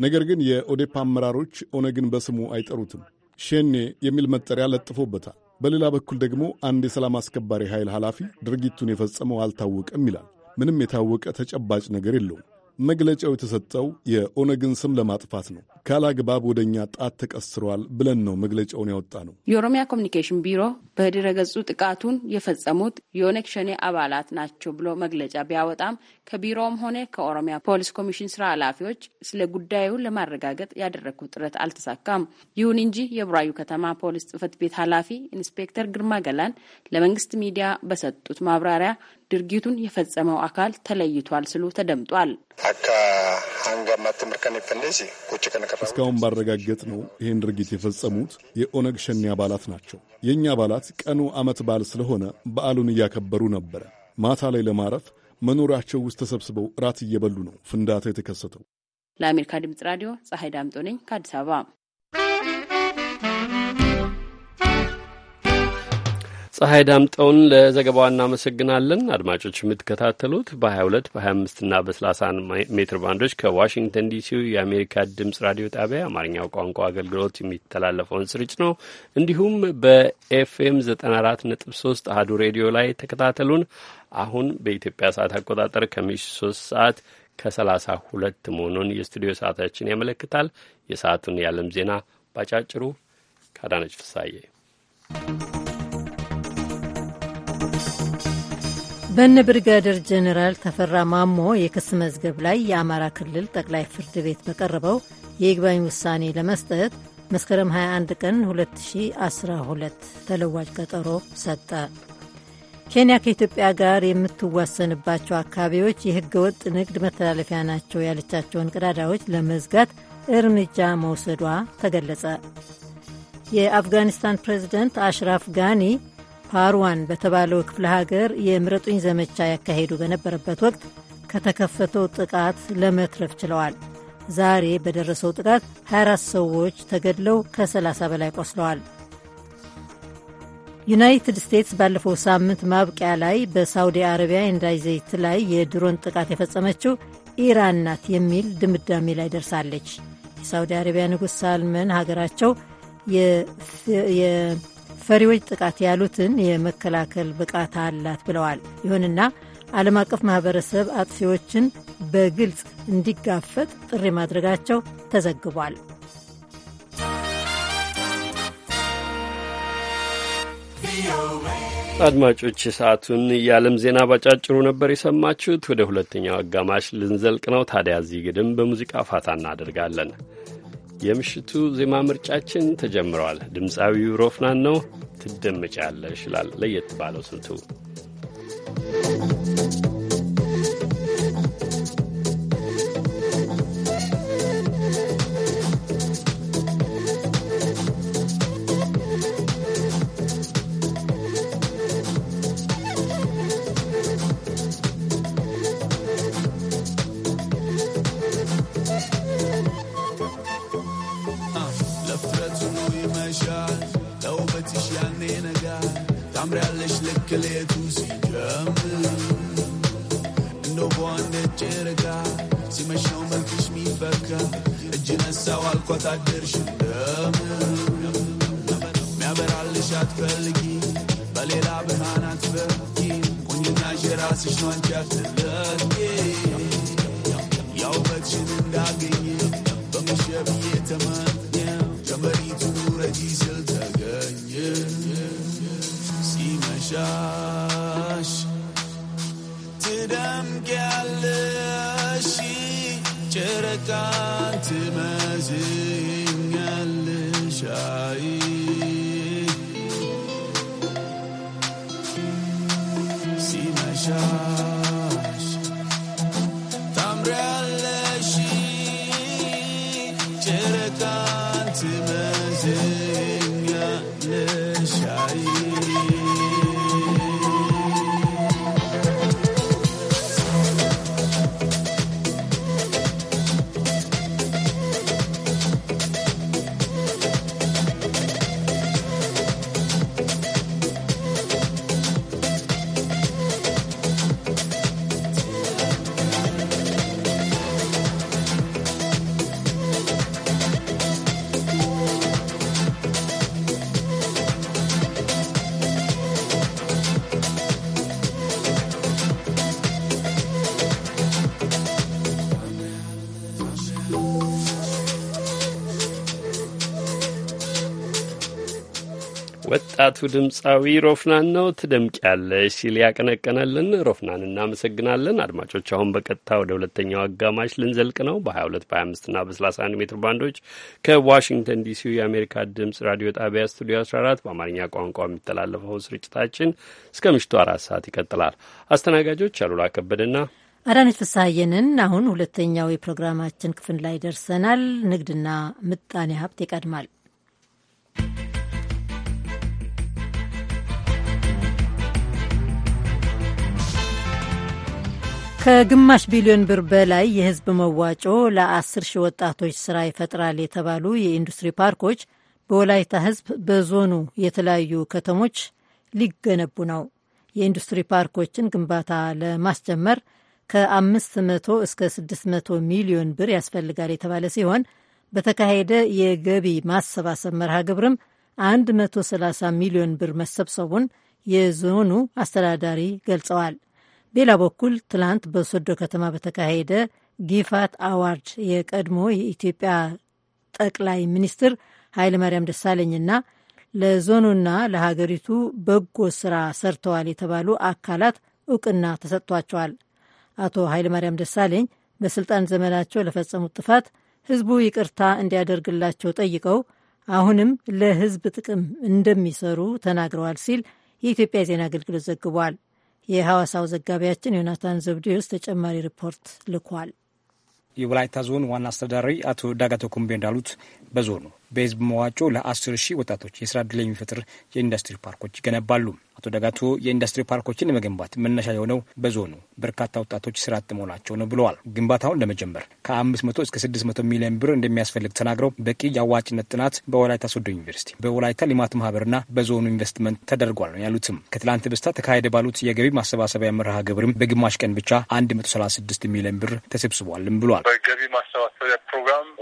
ነገር ግን የኦዴፓ አመራሮች ኦነግን በስሙ አይጠሩትም። ሼኔ የሚል መጠሪያ ለጥፎበታል። በሌላ በኩል ደግሞ አንድ የሰላም አስከባሪ ኃይል ኃላፊ ድርጊቱን የፈጸመው አልታወቀም ይላል። ምንም የታወቀ ተጨባጭ ነገር የለውም። መግለጫው የተሰጠው የኦነግን ስም ለማጥፋት ነው። ካላግባብ ወደ እኛ ጣት ተቀስረዋል ብለን ነው መግለጫውን ያወጣ ነው። የኦሮሚያ ኮሚኒኬሽን ቢሮ በድረ ገጹ ጥቃቱን የፈጸሙት የኦነግ ሸኔ አባላት ናቸው ብሎ መግለጫ ቢያወጣም ከቢሮውም ሆነ ከኦሮሚያ ፖሊስ ኮሚሽን ስራ ኃላፊዎች ስለ ጉዳዩ ለማረጋገጥ ያደረግኩት ጥረት አልተሳካም። ይሁን እንጂ የቡራዩ ከተማ ፖሊስ ጽህፈት ቤት ኃላፊ ኢንስፔክተር ግርማ ገላን ለመንግስት ሚዲያ በሰጡት ማብራሪያ ድርጊቱን የፈጸመው አካል ተለይቷል ስሉ ተደምጧል። እስካሁን ባረጋገጥ ነው ይህን ድርጊት የፈጸሙት የኦነግ ሸኔ አባላት ናቸው። የእኛ አባላት ቀኑ ዓመት በዓል ስለሆነ በዓሉን እያከበሩ ነበረ። ማታ ላይ ለማረፍ መኖሪያቸው ውስጥ ተሰብስበው እራት እየበሉ ነው ፍንዳታ የተከሰተው። ለአሜሪካ ድምፅ ራዲዮ ፀሐይ ዳምጦ ነኝ ከአዲስ አበባ። ፀሐይ ዳምጠውን ለዘገባው እናመሰግናለን። አድማጮች የምትከታተሉት በ22 በ25ና በ30 ሜትር ባንዶች ከዋሽንግተን ዲሲው የአሜሪካ ድምፅ ራዲዮ ጣቢያ አማርኛው ቋንቋ አገልግሎት የሚተላለፈውን ስርጭ ነው። እንዲሁም በኤፍኤም 94.3 አህዱ ሬዲዮ ላይ ተከታተሉን። አሁን በኢትዮጵያ ሰዓት አቆጣጠር ከምሽቱ 3 ሰዓት ከ32 መሆኑን የስቱዲዮ ሰዓታችን ያመለክታል። የሰዓቱን የዓለም ዜና ባጫጭሩ ከአዳነች ፍሳዬ በነ ብርጋደር ጀኔራል ተፈራ ማሞ የክስ መዝገብ ላይ የአማራ ክልል ጠቅላይ ፍርድ ቤት በቀረበው የይግባኝ ውሳኔ ለመስጠት መስከረም 21 ቀን 2012 ተለዋጭ ቀጠሮ ሰጠ። ኬንያ ከኢትዮጵያ ጋር የምትዋሰንባቸው አካባቢዎች የህገ ወጥ ንግድ መተላለፊያ ናቸው ያለቻቸውን ቀዳዳዎች ለመዝጋት እርምጃ መውሰዷ ተገለጸ። የአፍጋኒስታን ፕሬዝደንት አሽራፍ ጋኒ ፓርዋን በተባለው ክፍለ ሀገር የምረጡኝ ዘመቻ ያካሄዱ በነበረበት ወቅት ከተከፈተው ጥቃት ለመትረፍ ችለዋል። ዛሬ በደረሰው ጥቃት 24 ሰዎች ተገድለው ከ30 በላይ ቆስለዋል። ዩናይትድ ስቴትስ ባለፈው ሳምንት ማብቂያ ላይ በሳውዲ አረቢያ የነዳጅ ዘይት ላይ የድሮን ጥቃት የፈጸመችው ኢራን ናት የሚል ድምዳሜ ላይ ደርሳለች። የሳውዲ አረቢያ ንጉሥ ሳልመን ሀገራቸው ፈሪዎች ጥቃት ያሉትን የመከላከል ብቃት አላት ብለዋል። ይሁንና ዓለም አቀፍ ማህበረሰብ አጥፊዎችን በግልጽ እንዲጋፈጥ ጥሪ ማድረጋቸው ተዘግቧል። አድማጮች፣ የሰዓቱን የዓለም ዜና ባጫጭሩ ነበር የሰማችሁት። ወደ ሁለተኛው አጋማሽ ልንዘልቅ ነው። ታዲያ እዚህ ግድም በሙዚቃ ፋታ እናደርጋለን። የምሽቱ ዜማ ምርጫችን ተጀምረዋል። ድምፃዊው ሮፍናን ነው። ትደምጫለሽ ይላል ለየት ባለው ስልቱ ከሌቱ ሲጀምር እንደ በሆነ ጨረቃ ሲመሻው መልክሽ ሚፈካ እጅ ነሳው አልኳት አደርሽ ደም ሚያበራልሽ አትፈልጊ በሌላ ብርሃን አትበኪ ቁኝናሽ የራስሽ ነው አንቺ ወጣቱ ድምፃዊ ሮፍናን ነው። ትደምቅ ያለሽ ሲል ያቀነቀነልን ሮፍናን እናመሰግናለን። አድማጮች አሁን በቀጥታ ወደ ሁለተኛው አጋማሽ ልንዘልቅ ነው። በ22 በ25 ና በ31 ሜትር ባንዶች ከዋሽንግተን ዲሲው የአሜሪካ ድምፅ ራዲዮ ጣቢያ ስቱዲዮ 14 በአማርኛ ቋንቋ የሚተላለፈው ስርጭታችን እስከ ምሽቱ አራት ሰዓት ይቀጥላል። አስተናጋጆች አሉላ ከበደና አዳነች ፍስሐዬንን። አሁን ሁለተኛው የፕሮግራማችን ክፍል ላይ ደርሰናል። ንግድና ምጣኔ ሀብት ይቀድማል። ከግማሽ ቢሊዮን ብር በላይ የህዝብ መዋጮ ለአስር ሺህ ወጣቶች ስራ ይፈጥራል የተባሉ የኢንዱስትሪ ፓርኮች በወላይታ ህዝብ በዞኑ የተለያዩ ከተሞች ሊገነቡ ነው። የኢንዱስትሪ ፓርኮችን ግንባታ ለማስጀመር ከ መቶ እስከ 600 ሚሊዮን ብር ያስፈልጋል የተባለ ሲሆን በተካሄደ የገቢ ማሰባሰብ መርሃ ግብርም 130 ሚሊዮን ብር መሰብሰቡን የዞኑ አስተዳዳሪ ገልጸዋል። በሌላ በኩል ትላንት በሶዶ ከተማ በተካሄደ ጊፋት አዋርድ የቀድሞ የኢትዮጵያ ጠቅላይ ሚኒስትር ኃይለማርያም ደሳለኝና ለዞኑና ለሀገሪቱ በጎ ስራ ሰርተዋል የተባሉ አካላት እውቅና ተሰጥቷቸዋል። አቶ ኃይለማርያም ደሳለኝ በስልጣን ዘመናቸው ለፈጸሙት ጥፋት ህዝቡ ይቅርታ እንዲያደርግላቸው ጠይቀው አሁንም ለህዝብ ጥቅም እንደሚሰሩ ተናግረዋል ሲል የኢትዮጵያ ዜና አገልግሎት ዘግቧል። የሐዋሳው ዘጋቢያችን ዮናታን ዘብዴዎስ ተጨማሪ ሪፖርት ልኳል። የወላይታ ዞን ዋና አስተዳዳሪ አቶ ዳጋቶ ኩምቤ እንዳሉት በዞኑ በህዝብ መዋጮ ለ10 ሺህ ወጣቶች የስራ ዕድል የሚፈጥር የኢንዱስትሪ ፓርኮች ይገነባሉ። አቶ ደጋቱ የኢንዱስትሪ ፓርኮችን ለመገንባት መነሻ የሆነው በዞኑ በርካታ ወጣቶች ስራ አጥ መሆናቸው ነው ብለዋል። ግንባታውን ለመጀመር ከ500 እስከ 600 ሚሊዮን ብር እንደሚያስፈልግ ተናግረው በቂ የአዋጭነት ጥናት በወላይታ ሶዶ ዩኒቨርሲቲ፣ በወላይታ ልማት ማህበርና በዞኑ ኢንቨስትመንት ተደርጓል ነው ያሉትም። ከትላንት በስታ ተካሄደ ባሉት የገቢ ማሰባሰቢያ መርሃ ግብርም በግማሽ ቀን ብቻ 136 ሚሊዮን ብር ተሰብስቧልም ብሏል። በገቢ ማሰባሰቢያ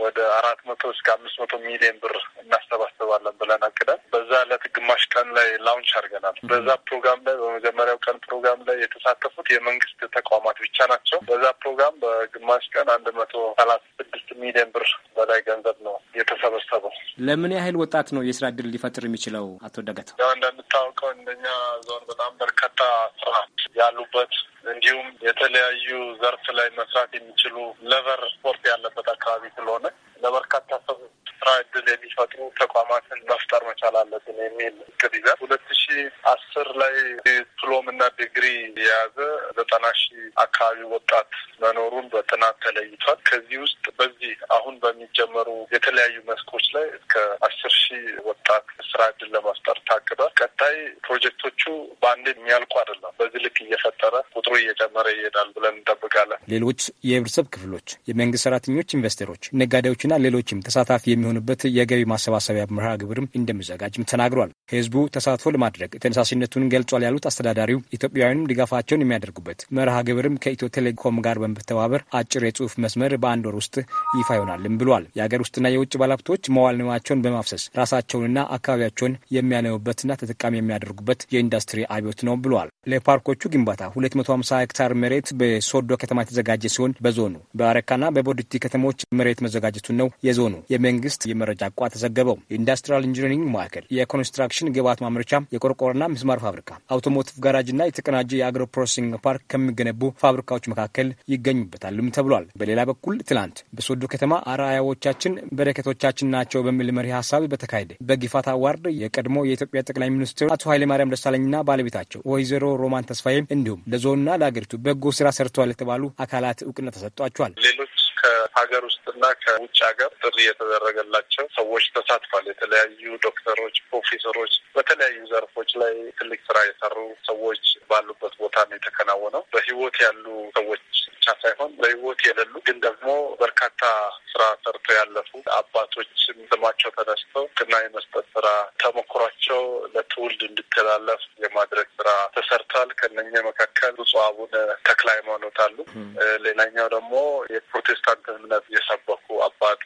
ወደ አራት መቶ እስከ አምስት መቶ ሚሊዮን ብር እናሰባስባለን ብለን አቅደን በዛ ዕለት ግማሽ ቀን ላይ ላውንች አድርገናል። በዛ ፕሮግራም ላይ በመጀመሪያው ቀን ፕሮግራም ላይ የተሳተፉት የመንግስት ተቋማት ብቻ ናቸው። በዛ ፕሮግራም በግማሽ ቀን አንድ መቶ ሰላሳ ስድስት ሚሊዮን ብር በላይ ገንዘብ ነው የተሰበሰበው። ለምን ያህል ወጣት ነው የስራ እድል ሊፈጥር የሚችለው? አቶ ደገት ያው እንደምታውቀው እንደኛ ዞን በጣም በርካታ ስራ ያሉበት እንዲሁም የተለያዩ ዘርፍ ላይ መስራት የሚችሉ ለቨር ስፖርት ያለበት አካባቢ ስለሆነ ለበርካታ ሰው ስራ እድል የሚፈጥሩ ተቋማትን መፍጠር መቻል አለብን የሚል እቅድ ይዘን ሁለት ሺ አስር ላይ ዲፕሎም እና ዲግሪ የያዘ ዘጠና ሺ አካባቢ ወጣት መኖሩን በጥናት ተለይቷል። ከዚህ ውስጥ በዚህ አሁን በሚጀመሩ የተለያዩ መስኮች ላይ እስከ አስር ሺህ ወጣት ስራ እድል ለመፍጠር ታቅዷል። ቀጣይ ፕሮጀክቶቹ በአንድ የሚያልቁ አይደለም። በዚህ ልክ እየፈጠረ ቁጥሩ እየጨመረ ይሄዳል ብለን እንጠብቃለን። ሌሎች የህብረተሰብ ክፍሎች፣ የመንግስት ሰራተኞች፣ ኢንቨስተሮች፣ ነጋዴዎች ተማሪዎችና ሌሎችም ተሳታፊ የሚሆኑበት የገቢ ማሰባሰቢያ መርሃ ግብርም እንደሚዘጋጅም ተናግሯል። ህዝቡ ተሳትፎ ለማድረግ ተነሳሽነቱን ገልጿል ያሉት አስተዳዳሪው ኢትዮጵያውያንም ድጋፋቸውን የሚያደርጉበት መርሃ ግብርም ከኢትዮ ቴሌኮም ጋር በመተባበር አጭር የጽሁፍ መስመር በአንድ ወር ውስጥ ይፋ ይሆናልም ብሏል። የአገር ውስጥና የውጭ ባለሀብቶች መዋዕለ ንዋያቸውን በማፍሰስ ራሳቸውንና አካባቢያቸውን የሚያነቡበትና ተጠቃሚ የሚያደርጉበት የኢንዱስትሪ አብዮት ነው ብሏል። ለፓርኮቹ ግንባታ 250 ሄክታር መሬት በሶዶ ከተማ የተዘጋጀ ሲሆን በዞኑ በአረካና በቦዲቲ ከተሞች መሬት መዘጋጀቱን ነው የዞኑ የመንግስት የመረጃ ቋ ተዘገበው። የኢንዱስትሪያል ኢንጂነሪንግ ማዕከል፣ የኮንስትራክሽን ግብዓት ማምረቻ፣ የቆርቆሮና ምስማር ፋብሪካ፣ አውቶሞቲቭ ጋራጅና የተቀናጀ የአግሮ ፕሮሰሲንግ ፓርክ ከሚገነቡ ፋብሪካዎች መካከል ይገኙበታልም ተብሏል። በሌላ በኩል ትላንት በሶዶ ከተማ አርአያዎቻችን በረከቶቻችን ናቸው በሚል መሪ ሀሳብ በተካሄደ በጊፋታ አዋርድ የቀድሞ የኢትዮጵያ ጠቅላይ ሚኒስትር አቶ ኃይለማርያም ደሳለኝና ባለቤታቸው ወይዘሮ ሮማን ተስፋዬም እንዲሁም ለዞንና ለሀገሪቱ በጎ ስራ ሰርተዋል የተባሉ አካላት እውቅና ተሰጥቷቸዋል። ሀገር ውስጥና ከውጭ ሀገር ጥሪ የተደረገላቸው ሰዎች ተሳትፏል። የተለያዩ ዶክተሮች፣ ፕሮፌሰሮች በተለያዩ ዘርፎች ላይ ትልቅ ስራ የሰሩ ሰዎች ባሉበት ቦታ ነው የተከናወነው። በህይወት ያሉ ሰዎች ብቻ ሳይሆን በህይወት የሌሉ ግን ደግሞ በርካታ ስራ ሰርቶ ያለፉ አባቶች ስማቸው ተነስተው ቅና የመስጠት ስራ ተሞክሯቸው ለትውልድ እንዲተላለፍ የማድረግ ስራ ተሰርቷል። ከነኛ መካከል ብፁዕ አቡነ ተክለ ሃይማኖት አሉ። ሌላኛው ደግሞ የፕሮቴስታንት እምነት የሰበኩ አባት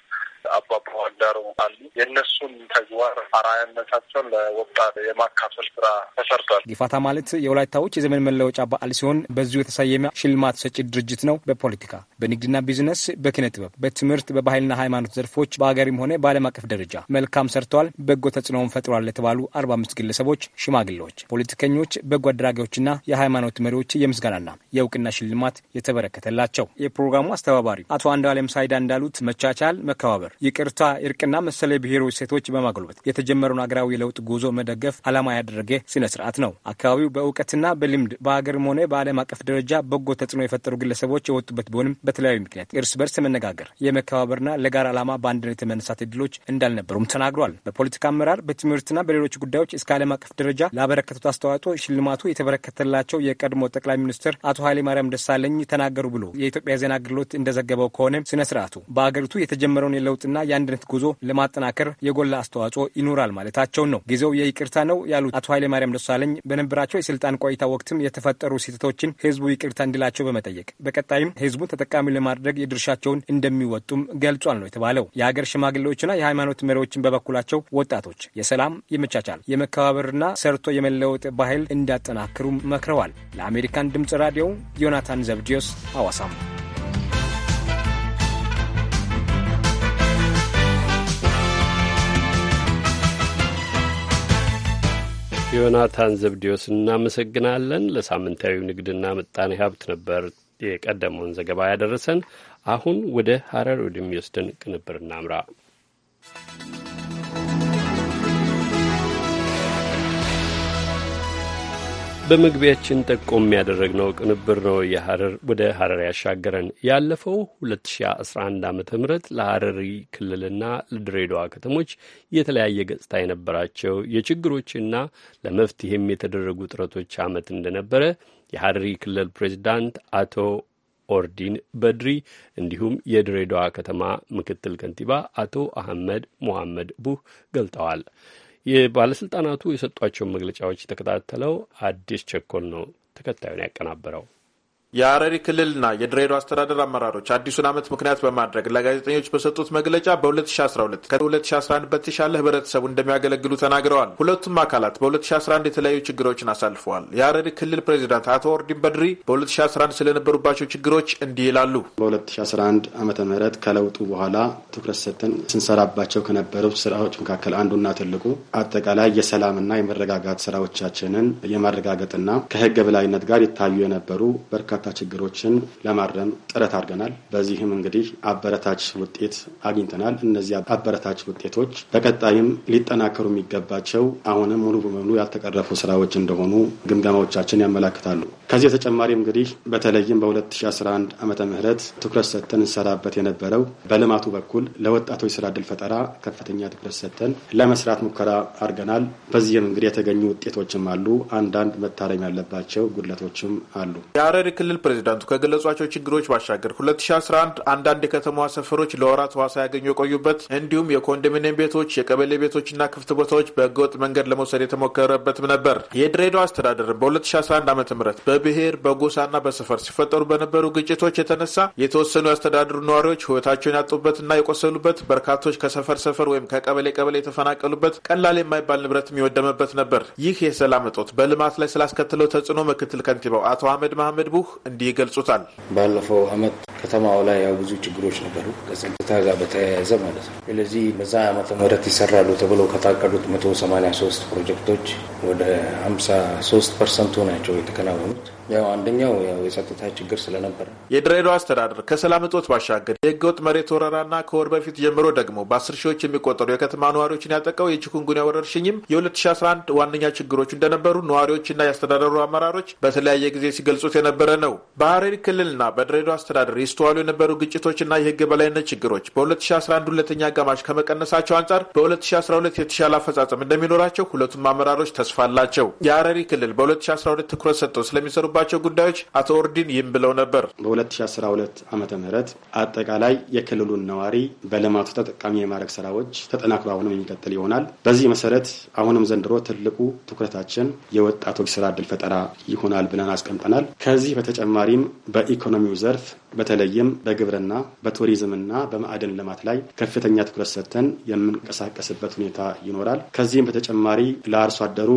አባባ ዋዳሮ አሉ። የእነሱን ተግባር አርአያነታቸውን ለወጣት የማካፈል ስራ ተሰርቷል። ጊፋታ ማለት የወላይታዎች የዘመን መለወጫ በዓል ሲሆን በዚሁ የተሰየመ ሽልማት ሰጪ ድርጅት ነው። በፖለቲካ፣ በንግድና ቢዝነስ፣ በኪነ ጥበብ፣ በትምህርት፣ በባህልና ሃይማኖት ዘርፎች በሀገሪም ሆነ በዓለም አቀፍ ደረጃ መልካም ሰርተዋል፣ በጎ ተጽዕኖውን ፈጥሯል ለተባሉ አርባ አምስት ግለሰቦች፣ ሽማግሌዎች፣ ፖለቲከኞች፣ በጎ አድራጊዎችና የሃይማኖት መሪዎች የምስጋናና የእውቅና ሽልማት የተበረከተላቸው የፕሮግራሙ አስተባባሪ አቶ አንዳለም ሳይዳ እንዳሉት መቻቻል፣ መከባበር ነበር። ይቅርታ፣ እርቅና መሰለ ብሔሮች ሴቶች በማጎልበት የተጀመረውን አገራዊ ለውጥ ጉዞ መደገፍ ዓላማ ያደረገ ስነ ስርዓት ነው። አካባቢው በእውቀትና በልምድ በሀገር ሆነ በዓለም አቀፍ ደረጃ በጎ ተጽዕኖ የፈጠሩ ግለሰቦች የወጡበት ቢሆንም በተለያዩ ምክንያት እርስ በርስ መነጋገር፣ የመከባበርና ለጋራ ዓላማ በአንድነት የመነሳት እድሎች እንዳልነበሩም ተናግሯል። በፖለቲካ አመራር፣ በትምህርትና በሌሎች ጉዳዮች እስከ ዓለም አቀፍ ደረጃ ላበረከቱት አስተዋጽኦ ሽልማቱ የተበረከተላቸው የቀድሞ ጠቅላይ ሚኒስትር አቶ ኃይለማርያም ደሳለኝ ተናገሩ ብሎ የኢትዮጵያ ዜና አገልግሎት እንደዘገበው ከሆነ ስነ ስርዓቱ በአገሪቱ የተጀመረውን የለውጥ ለውጥና የአንድነት ጉዞ ለማጠናከር የጎላ አስተዋጽኦ ይኖራል ማለታቸውን ነው። ጊዜው የይቅርታ ነው ያሉት አቶ ኃይለማርያም ደሳለኝ በነበራቸው የስልጣን ቆይታ ወቅትም የተፈጠሩ ስህተቶችን ህዝቡ ይቅርታ እንዲላቸው በመጠየቅ በቀጣይም ህዝቡን ተጠቃሚ ለማድረግ የድርሻቸውን እንደሚወጡም ገልጿል ነው የተባለው። የሀገር ሽማግሌዎችና የሃይማኖት መሪዎችን በበኩላቸው ወጣቶች የሰላም የመቻቻል የመከባበርና ሰርቶ የመለወጥ ባህል እንዲያጠናክሩ መክረዋል። ለአሜሪካን ድምፅ ራዲዮ ዮናታን ዘብዲዮስ ሐዋሳም ዮናታን ዘብዲዮስ እናመሰግናለን። ለሳምንታዊ ንግድና ምጣኔ ሀብት ነበር የቀደመውን ዘገባ ያደረሰን። አሁን ወደ ሀረር ወደሚወስደን ቅንብር እናምራ። በመግቢያችን ጠቆም ያደረግነው ቅንብር ነው የሐረር ወደ ሐረር ያሻገረን። ያለፈው 2011 ዓ ም ለሐረሪ ክልልና ለድሬዳዋ ከተሞች የተለያየ ገጽታ የነበራቸው የችግሮችና ለመፍትሄም የተደረጉ ጥረቶች ዓመት እንደነበረ የሐረሪ ክልል ፕሬዚዳንት አቶ ኦርዲን በድሪ እንዲሁም የድሬዳዋ ከተማ ምክትል ከንቲባ አቶ አህመድ ሞሐመድ ቡህ ገልጠዋል። የባለስልጣናቱ የሰጧቸውን መግለጫዎች የተከታተለው አዲስ ቸኮል ነው ተከታዩን ያቀናበረው። የሐረሪ ክልልና የድሬዳዋ አስተዳደር አመራሮች አዲሱን ዓመት ምክንያት በማድረግ ለጋዜጠኞች በሰጡት መግለጫ በ2012 ከ2011 በተሻለ ህብረተሰቡ እንደሚያገለግሉ ተናግረዋል። ሁለቱም አካላት በ2011 የተለያዩ ችግሮችን አሳልፈዋል። የሐረሪ ክልል ፕሬዚዳንት አቶ ኦርዲን በድሪ በ2011 ስለነበሩባቸው ችግሮች እንዲህ ይላሉ። በ2011 ዓመተ ምህረት ከለውጡ በኋላ ትኩረት ሰጥተን ስንሰራባቸው ከነበሩ ስራዎች መካከል አንዱና ትልቁ አጠቃላይ የሰላምና የመረጋጋት ስራዎቻችንን የማረጋገጥና ከህግ በላይነት ጋር ይታዩ የነበሩ በርካታ በርካታ ችግሮችን ለማረም ጥረት አድርገናል። በዚህም እንግዲህ አበረታች ውጤት አግኝተናል። እነዚህ አበረታች ውጤቶች በቀጣይም ሊጠናከሩ የሚገባቸው አሁንም ሙሉ በሙሉ ያልተቀረፉ ስራዎች እንደሆኑ ግምገማዎቻችን ያመላክታሉ። ከዚህ በተጨማሪ እንግዲህ በተለይም በ2011 ዓመተ ምህረት ትኩረት ሰጥተን እንሰራበት የነበረው በልማቱ በኩል ለወጣቶች ስራ እድል ፈጠራ ከፍተኛ ትኩረት ሰጥተን ለመስራት ሙከራ አድርገናል። በዚህም እንግዲህ የተገኙ ውጤቶችም አሉ። አንዳንድ መታረም ያለባቸው ጉድለቶችም አሉ። የሀረሪ ክልል ፕሬዚዳንቱ ከገለጿቸው ችግሮች ባሻገር 2011 አንዳንድ የከተማዋ ሰፈሮች ለወራት ዋሳ ያገኙ የቆዩበት እንዲሁም የኮንዶሚኒየም ቤቶች፣ የቀበሌ ቤቶችና ክፍት ቦታዎች በህገወጥ መንገድ ለመውሰድ የተሞከረበትም ነበር። የድሬዳዋ አስተዳደር በ2011 ዓ ም በብሔር በጎሳና በሰፈር ሲፈጠሩ በነበሩ ግጭቶች የተነሳ የተወሰኑ ያስተዳድሩ ነዋሪዎች ህይወታቸውን ያጡበትና የቆሰሉበት፣ በርካቶች ከሰፈር ሰፈር ወይም ከቀበሌ ቀበሌ የተፈናቀሉበት፣ ቀላል የማይባል ንብረትም የወደመበት ነበር። ይህ የሰላም እጦት በልማት ላይ ስላስከትለው ተጽዕኖ ምክትል ከንቲባው አቶ አህመድ መሐመድ ቡህ እንዲህ ይገልጹታል። ባለፈው አመት ከተማው ላይ ያው ብዙ ችግሮች ነበሩ ከጸጥታ ጋር በተያያዘ ማለት ነው። ስለዚህ በዛ ዓመተ ምህረት ይሰራሉ ተብለው ከታቀዱት 183 ፕሮጀክቶች ወደ 53 ፐርሰንቱ ናቸው የተከናወኑት። ያው አንደኛው ያው የጸጥታ ችግር ስለነበረ የድሬዳዋ አስተዳደር ከሰላም እጦት ባሻገር የህገወጥ መሬት ወረራና ከወር በፊት ጀምሮ ደግሞ በአስር ሺዎች የሚቆጠሩ የከተማ ነዋሪዎችን ያጠቀው የቺኩንጉንያ ወረርሽኝም የ2011 ዋነኛ ችግሮች እንደነበሩ ነዋሪዎችና የአስተዳደሩ አመራሮች በተለያየ ጊዜ ሲገልጹት የነበረ ነው። በሀረሪ ክልልና በድሬዳዋ አስተዳደር ይስተዋሉ የነበሩ ግጭቶችና የህግ የበላይነት ችግሮች በ2011 ሁለተኛ አጋማሽ ከመቀነሳቸው አንጻር በ2012 የተሻለ አፈጻጸም እንደሚኖራቸው ሁለቱም አመራሮች ተስፋ አላቸው። ክልል በ2012 ትኩረት ሰጥተው ስለሚሰሩ ባሉባቸው ጉዳዮች አቶ ኦርዲን ይህም ብለው ነበር። በ2012 ዓ ም አጠቃላይ የክልሉን ነዋሪ በልማቱ ተጠቃሚ የማድረግ ስራዎች ተጠናክሮ አሁንም የሚቀጥል ይሆናል። በዚህ መሰረት አሁንም ዘንድሮ ትልቁ ትኩረታችን የወጣቶች ስራ እድል ፈጠራ ይሆናል ብለን አስቀምጠናል። ከዚህ በተጨማሪም በኢኮኖሚው ዘርፍ በተለይም በግብርና በቱሪዝምና በማዕድን ልማት ላይ ከፍተኛ ትኩረት ሰጥተን የምንቀሳቀስበት ሁኔታ ይኖራል። ከዚህም በተጨማሪ ለአርሶ አደሩ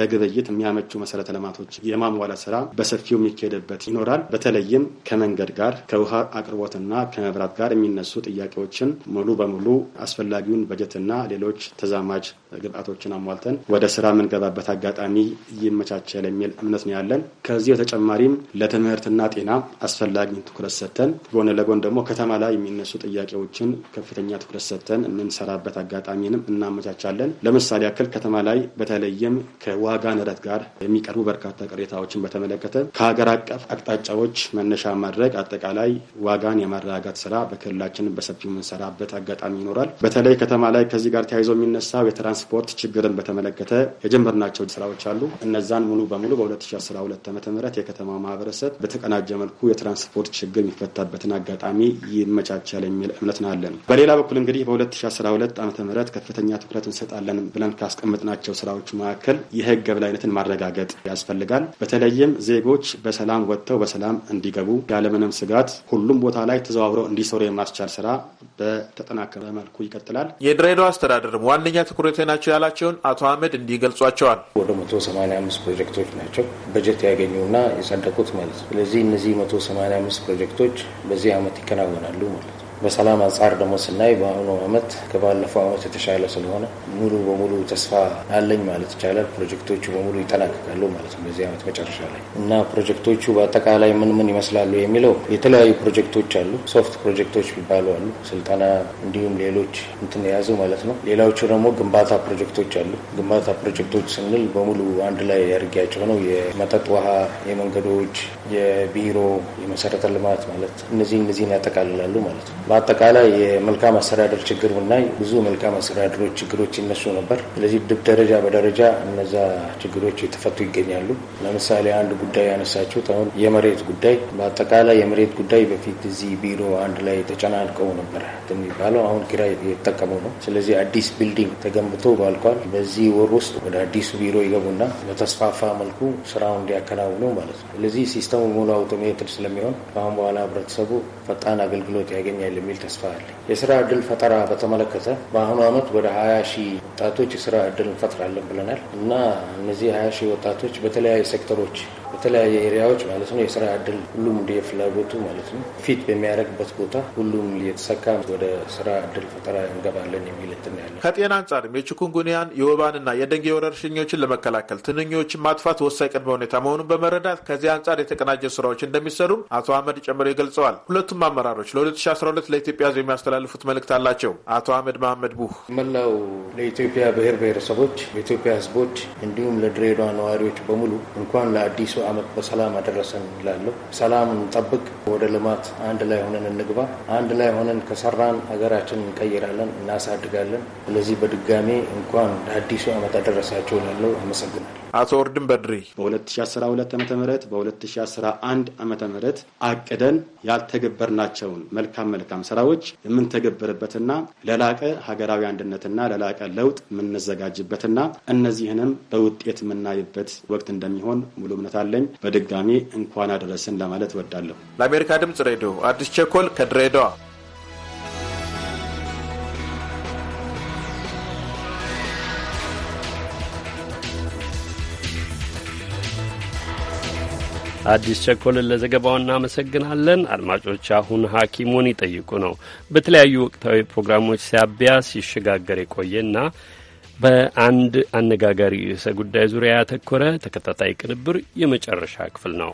ለግብይት የሚያመቹ መሰረተ ልማቶች የማሟላት ስራ በሰፊው የሚካሄድበት ይኖራል። በተለይም ከመንገድ ጋር ከውሃ አቅርቦትና ከመብራት ጋር የሚነሱ ጥያቄዎችን ሙሉ በሙሉ አስፈላጊውን በጀትና ሌሎች ተዛማጅ ግብአቶችን አሟልተን ወደ ስራ የምንገባበት አጋጣሚ ይመቻቸል የሚል እምነት ነው ያለን። ከዚህ በተጨማሪም ለትምህርትና ጤና አስፈላጊ ትኩረት ሰጥተን ጎን ለጎን ደግሞ ከተማ ላይ የሚነሱ ጥያቄዎችን ከፍተኛ ትኩረት ሰጥተን የምንሰራበት አጋጣሚንም እናመቻቻለን። ለምሳሌ ያክል ከተማ ላይ በተለይም ከዋጋ ንረት ጋር የሚቀርቡ በርካታ ቅሬታዎችን በተመለከተ በማገናዘብ ከሀገር አቀፍ አቅጣጫዎች መነሻ ማድረግ አጠቃላይ ዋጋን የማረጋጋት ስራ በክልላችን በሰፊው የምንሰራበት አጋጣሚ ይኖራል። በተለይ ከተማ ላይ ከዚህ ጋር ተያይዞ የሚነሳው የትራንስፖርት ችግርን በተመለከተ የጀመርናቸው ስራዎች አሉ። እነዛን ሙሉ በሙሉ በ2012 ዓ.ም የከተማ ማህበረሰብ በተቀናጀ መልኩ የትራንስፖርት ችግር የሚፈታበትን አጋጣሚ ይመቻቻል የሚል እምነት ነው አለን። በሌላ በኩል እንግዲህ በ2012 ም ከፍተኛ ትኩረት እንሰጣለን ብለን ካስቀመጥናቸው ስራዎች መካከል የህግ የበላይነትን ማረጋገጥ ያስፈልጋል። በተለይም ዜጎች በሰላም ወጥተው በሰላም እንዲገቡ ያለምንም ስጋት ሁሉም ቦታ ላይ ተዘዋውረው እንዲሰሩ የማስቻል ስራ በተጠናከረ መልኩ ይቀጥላል። የድሬዳዋ አስተዳደር ዋነኛ ትኩረት ናቸው ያላቸውን አቶ አህመድ እንዲህ ገልጿቸዋል። ወደ 185 ፕሮጀክቶች ናቸው በጀት ያገኙና የጸደቁት ማለት ነው። ስለዚህ እነዚህ 185 ፕሮጀክቶች በዚህ ዓመት ይከናወናሉ ማለት ነው። በሰላም አንጻር ደግሞ ስናይ በአሁኑ ዓመት ከባለፈው ዓመት የተሻለ ስለሆነ ሙሉ በሙሉ ተስፋ አለኝ ማለት ይቻላል። ፕሮጀክቶቹ በሙሉ ይጠናቀቃሉ ማለት ነው በዚህ ዓመት መጨረሻ ላይ እና ፕሮጀክቶቹ በአጠቃላይ ምን ምን ይመስላሉ የሚለው የተለያዩ ፕሮጀክቶች አሉ። ሶፍት ፕሮጀክቶች የሚባሉ አሉ፣ ስልጠና እንዲሁም ሌሎች እንትን የያዙ ማለት ነው። ሌላዎቹ ደግሞ ግንባታ ፕሮጀክቶች አሉ። ግንባታ ፕሮጀክቶች ስንል በሙሉ አንድ ላይ ያርጊያቸው ነው የመጠጥ ውሃ፣ የመንገዶች፣ የቢሮ የመሰረተ ልማት ማለት እነዚህ እነዚህን ያጠቃልላሉ ማለት ነው። በአጠቃላይ የመልካም አስተዳደር ችግር ብናይ ብዙ መልካም አስተዳደሮች ችግሮች ይነሱ ነበር። ስለዚህ ደረጃ በደረጃ እነዛ ችግሮች የተፈቱ ይገኛሉ። ለምሳሌ አንድ ጉዳይ ያነሳችሁት አሁን የመሬት ጉዳይ፣ በአጠቃላይ የመሬት ጉዳይ በፊት እዚህ ቢሮ አንድ ላይ ተጨናንቀው ነበር የሚባለው አሁን ኪራይ የተጠቀሙ ነው። ስለዚህ አዲስ ቢልዲንግ ተገንብቶ ባልኳል። በዚህ ወር ውስጥ ወደ አዲሱ ቢሮ ይገቡና በተስፋፋ መልኩ ስራውን እንዲያከናውኑ ማለት ነው። ስለዚህ ሲስተም ህብረተሰቡ ሙሉ አውቶሜትድ ስለሚሆን ከአሁን በኋላ ህብረተሰቡ ፈጣን አገልግሎት ያገኛል የሚል ተስፋ አለ። የስራ እድል ፈጠራ በተመለከተ በአሁኑ ዓመት ወደ ሀያ ሺህ ወጣቶች የስራ እድል እንፈጥራለን ብለናል እና እነዚህ ሀያ ሺህ ወጣቶች በተለያዩ ሴክተሮች በተለያየ ኤሪያዎች ማለት ነው የስራ እድል ሁሉም እንደ ፍላጎቱ ማለት ነው ፊት በሚያደርግበት ቦታ ሁሉም የተሰካ ወደ ስራ እድል ፈጠራ እንገባለን የሚል እንትን ያለ። ከጤና አንጻርም የቺኩንጉንያን የወባንና የደንጌ ወረርሽኞችን ለመከላከል ትንኞችን ማጥፋት ወሳኝ ቅድመ ሁኔታ መሆኑን በመረዳት ከዚህ አንጻር የተቀናጀ ስራዎች እንደሚሰሩም አቶ አህመድ ጨምሮ ይገልጸዋል። ሁለቱ ሁለቱም አመራሮች ለ2012 ለኢትዮጵያ ሕዝብ የሚያስተላልፉት መልእክት አላቸው። አቶ አህመድ መሐመድ ቡህ መላው ለኢትዮጵያ ብሔር ብሔረሰቦች፣ ለኢትዮጵያ ህዝቦች እንዲሁም ለድሬዳዋ ነዋሪዎች በሙሉ እንኳን ለአዲሱ አመት በሰላም አደረሰን ይላለሁ ሰላም እንጠብቅ፣ ወደ ልማት አንድ ላይ ሆነን እንግባ። አንድ ላይ ሆነን ከሰራን ሀገራችን እንቀይራለን፣ እናሳድጋለን። ስለዚህ በድጋሜ እንኳን ለአዲሱ አመት አደረሳቸው ላለው አመሰግናለሁ። አቶ ወርድን በድሬ በ2012 ዓ ም በ2011 ዓ ም አቅደን ያልተገበርናቸውን መልካም መልካም ስራዎች የምንተገበርበትና ለላቀ ሀገራዊ አንድነትና ለላቀ ለውጥ የምንዘጋጅበትና እነዚህንም በውጤት የምናይበት ወቅት እንደሚሆን ሙሉ እምነት አለኝ። በድጋሚ እንኳን አደረስን ለማለት ወዳለሁ። ለአሜሪካ ድምጽ ሬዲዮ አዲስ ቸኮል ከድሬዳዋ አዲስ ቸኮልን ለዘገባው እናመሰግናለን። አድማጮች አሁን ሐኪሙን ይጠይቁ ነው። በተለያዩ ወቅታዊ ፕሮግራሞች ሲያቢያ ሲሸጋገር የቆየና በአንድ አነጋጋሪ ርዕሰ ጉዳይ ዙሪያ ያተኮረ ተከታታይ ቅንብር የመጨረሻ ክፍል ነው።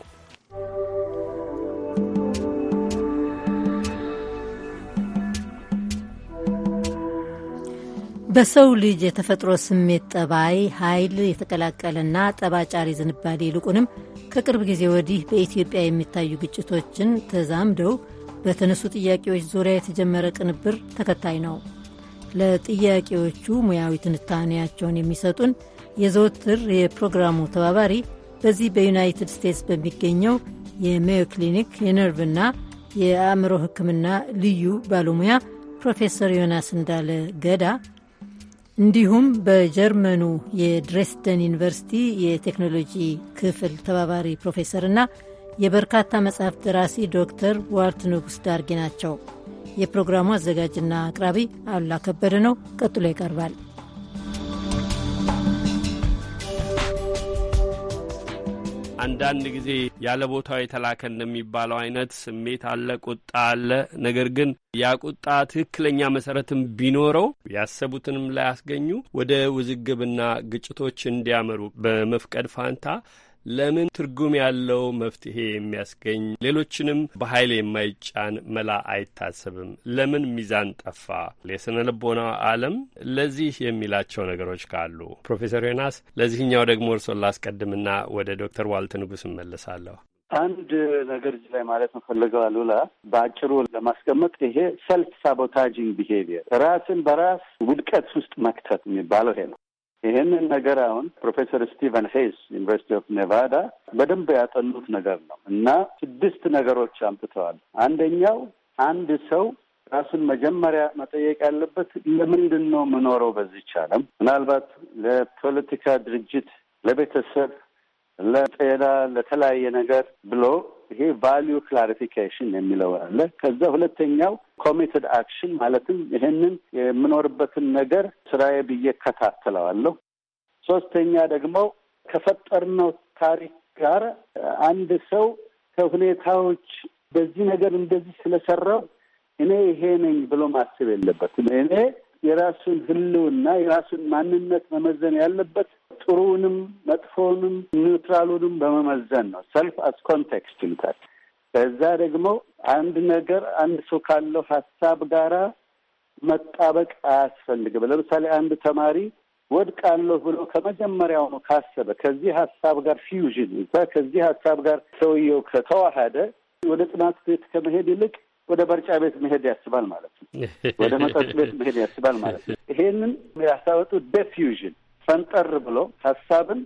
በሰው ልጅ የተፈጥሮ ስሜት ጠባይ ኃይል የተቀላቀለና ጠባጫሪ ዝንባሌ ይልቁንም ከቅርብ ጊዜ ወዲህ በኢትዮጵያ የሚታዩ ግጭቶችን ተዛምደው በተነሱ ጥያቄዎች ዙሪያ የተጀመረ ቅንብር ተከታይ ነው። ለጥያቄዎቹ ሙያዊ ትንታኔያቸውን የሚሰጡን የዘወትር የፕሮግራሙ ተባባሪ በዚህ በዩናይትድ ስቴትስ በሚገኘው የሜዮ ክሊኒክ የነርቭና የአእምሮ ሕክምና ልዩ ባለሙያ ፕሮፌሰር ዮናስ እንዳለ ገዳ እንዲሁም በጀርመኑ የድሬስደን ዩኒቨርሲቲ የቴክኖሎጂ ክፍል ተባባሪ ፕሮፌሰርና የበርካታ መጽሐፍ ደራሲ ዶክተር ዋልት ንጉሥ ዳርጌ ናቸው። የፕሮግራሙ አዘጋጅና አቅራቢ አሉላ ከበደ ነው። ቀጥሎ ይቀርባል። አንዳንድ ጊዜ ያለ ቦታው የተላከ እንደሚባለው አይነት ስሜት አለ፣ ቁጣ አለ። ነገር ግን ያ ቁጣ ትክክለኛ መሰረትም ቢኖረው ያሰቡትንም ላያስገኙ ወደ ውዝግብና ግጭቶች እንዲያመሩ በመፍቀድ ፋንታ ለምን ትርጉም ያለው መፍትሄ የሚያስገኝ ሌሎችንም በኃይል የማይጫን መላ አይታሰብም? ለምን ሚዛን ጠፋ? የስነ ልቦና ዓለም ለዚህ የሚላቸው ነገሮች ካሉ ፕሮፌሰር ዮናስ ለዚህኛው ደግሞ እርሶን ላስቀድምና ወደ ዶክተር ዋልት ንጉስ እመለሳለሁ። አንድ ነገር እዚህ ላይ ማለት መፈለገው አሉላ በአጭሩ ለማስቀመጥ ይሄ ሰልፍ ሳቦታጂንግ ቢሄቪየር ራስን በራስ ውድቀት ውስጥ መክተት የሚባለው ይሄ ነው። ይህንን ነገር አሁን ፕሮፌሰር ስቲቨን ሄይስ ዩኒቨርሲቲ ኦፍ ኔቫዳ በደንብ ያጠኑት ነገር ነው እና ስድስት ነገሮች አምጥተዋል። አንደኛው አንድ ሰው ራሱን መጀመሪያ መጠየቅ ያለበት ለምንድን ነው የምኖረው በዚህ ዓለም? ምናልባት ለፖለቲካ ድርጅት፣ ለቤተሰብ፣ ለጤና ለተለያየ ነገር ብሎ ይሄ ቫሊዩ ክላሪፊኬሽን የሚለው አለ። ከዛ ሁለተኛው ኮሚትድ አክሽን ማለትም ይሄንን የምኖርበትን ነገር ስራዬ ብዬ እከታተለዋለሁ። ሶስተኛ ደግሞ ከፈጠርነው ታሪክ ጋር አንድ ሰው ከሁኔታዎች በዚህ ነገር እንደዚህ ስለሰራው እኔ ይሄ ነኝ ብሎ ማስብ የለበትም። እኔ የራሱን ህልውና የራሱን ማንነት መመዘን ያለበት ጥሩውንም፣ መጥፎውንም፣ ኒውትራሉንም በመመዘን ነው። ሰልፍ አስ ኮንቴክስት ይሉታል። በዛ ደግሞ አንድ ነገር አንድ ሰው ካለው ሀሳብ ጋራ መጣበቅ አያስፈልግም። ለምሳሌ አንድ ተማሪ ወድቃለሁ ብሎ ከመጀመሪያው ነው ካሰበ ከዚህ ሀሳብ ጋር ፊውዥን ከዚህ ሀሳብ ጋር ሰውየው ከተዋሃደ ወደ ጥናት ቤት ከመሄድ ይልቅ ወደ መርጫ ቤት መሄድ ያስባል ማለት ነው። [LAUGHS] ወደ መጠጥ ቤት መሄድ ያስባል ማለት ነው። ይሄንን ያሳወጡት ዴፊውዥን ፈንጠር ብሎ ሀሳብን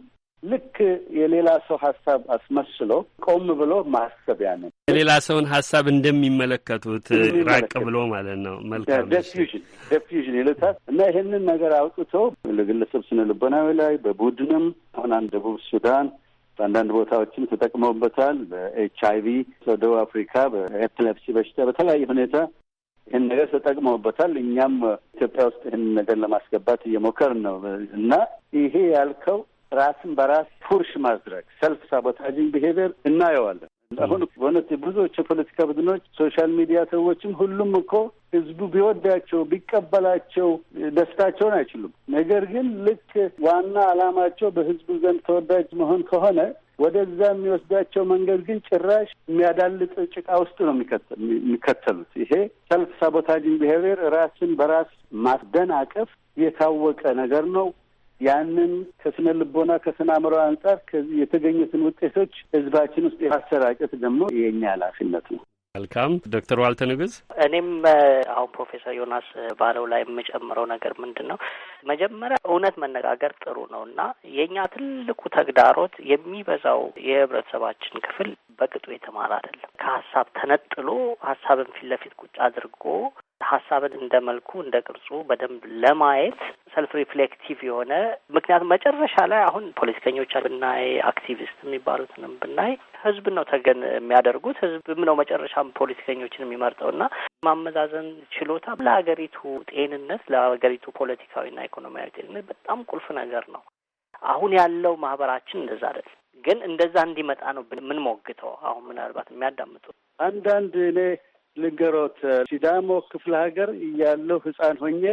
ልክ የሌላ ሰው ሀሳብ አስመስሎ ቆም ብሎ ማሰብ ያንን የሌላ ሰውን ሀሳብ እንደሚመለከቱት ራቅ ብሎ ማለት ነው። መልካም ዴፊውዥን ዴፊውዥን ይሉታል እና ይሄንን ነገር አውጥቶ ለግለሰብ ስነ ልቦናዊ ላይ በቡድንም አሁን አንድ ደቡብ ሱዳን በአንዳንድ ቦታዎችም ተጠቅመውበታል። በኤች አይቪ፣ በደቡብ አፍሪካ በኤፕለፕሲ በሽታ፣ በተለያየ ሁኔታ ይህን ነገር ተጠቅመውበታል። እኛም ኢትዮጵያ ውስጥ ይህን ነገር ለማስገባት እየሞከርን ነው እና ይሄ ያልከው ራስን በራስ ፑርሽ ማድረግ ሰልፍ ሳቦታጂንግ ብሄቨር እናየዋለን። አሁን በእውነት ብዙዎች የፖለቲካ ቡድኖች፣ ሶሻል ሚዲያ ሰዎችም ሁሉም እኮ ህዝቡ ቢወዳቸው ቢቀበላቸው ደስታቸውን አይችሉም። ነገር ግን ልክ ዋና አላማቸው በህዝቡ ዘንድ ተወዳጅ መሆን ከሆነ ወደዛ የሚወስዳቸው መንገድ ግን ጭራሽ የሚያዳልጥ ጭቃ ውስጥ ነው የሚከተሉት። ይሄ ሰልፍ ሳቦታጅን ብሄቪየር ራስን በራስ ማስደናቀፍ የታወቀ ነገር ነው። ያንን ከስነ ልቦና ከስነ አእምሮ አንጻር ከዚህ የተገኙትን ውጤቶች ህዝባችን ውስጥ የማሰራጨት ደግሞ የእኛ ኃላፊነት ነው። መልካም ዶክተር ዋልተ ንጉስ፣ እኔም አሁን ፕሮፌሰር ዮናስ ባለው ላይ የምጨምረው ነገር ምንድን ነው መጀመሪያ እውነት መነጋገር ጥሩ ነው እና የእኛ ትልቁ ተግዳሮት የሚበዛው የህብረተሰባችን ክፍል በቅጡ የተማረ አይደለም። ከሀሳብ ተነጥሎ ሀሳብን ፊት ለፊት ቁጭ አድርጎ ሀሳብን እንደ መልኩ እንደ ቅርጹ በደንብ ለማየት ሰልፍ ሪፍሌክቲቭ የሆነ ምክንያቱም መጨረሻ ላይ አሁን ፖለቲከኞች ብናይ አክቲቪስት የሚባሉትንም ብናይ ህዝብን ነው ተገን የሚያደርጉት ህዝብም ነው መጨረሻም ፖለቲከኞችን እና ማመዛዘን ችሎታ ለሀገሪቱ ጤንነት ለሀገሪቱ ፖለቲካዊና ኢኮኖሚያዊ ጤንነት በጣም ቁልፍ ነገር ነው። አሁን ያለው ማህበራችን እንደዛ አይደለም፣ ግን እንደዛ እንዲመጣ ነው ሞግተው አሁን ምናልባት የሚያዳምጡ አንዳንድ እኔ ልንገሮት ሲዳሞ ክፍለ ሀገር እያለሁ ህፃን ሆኜ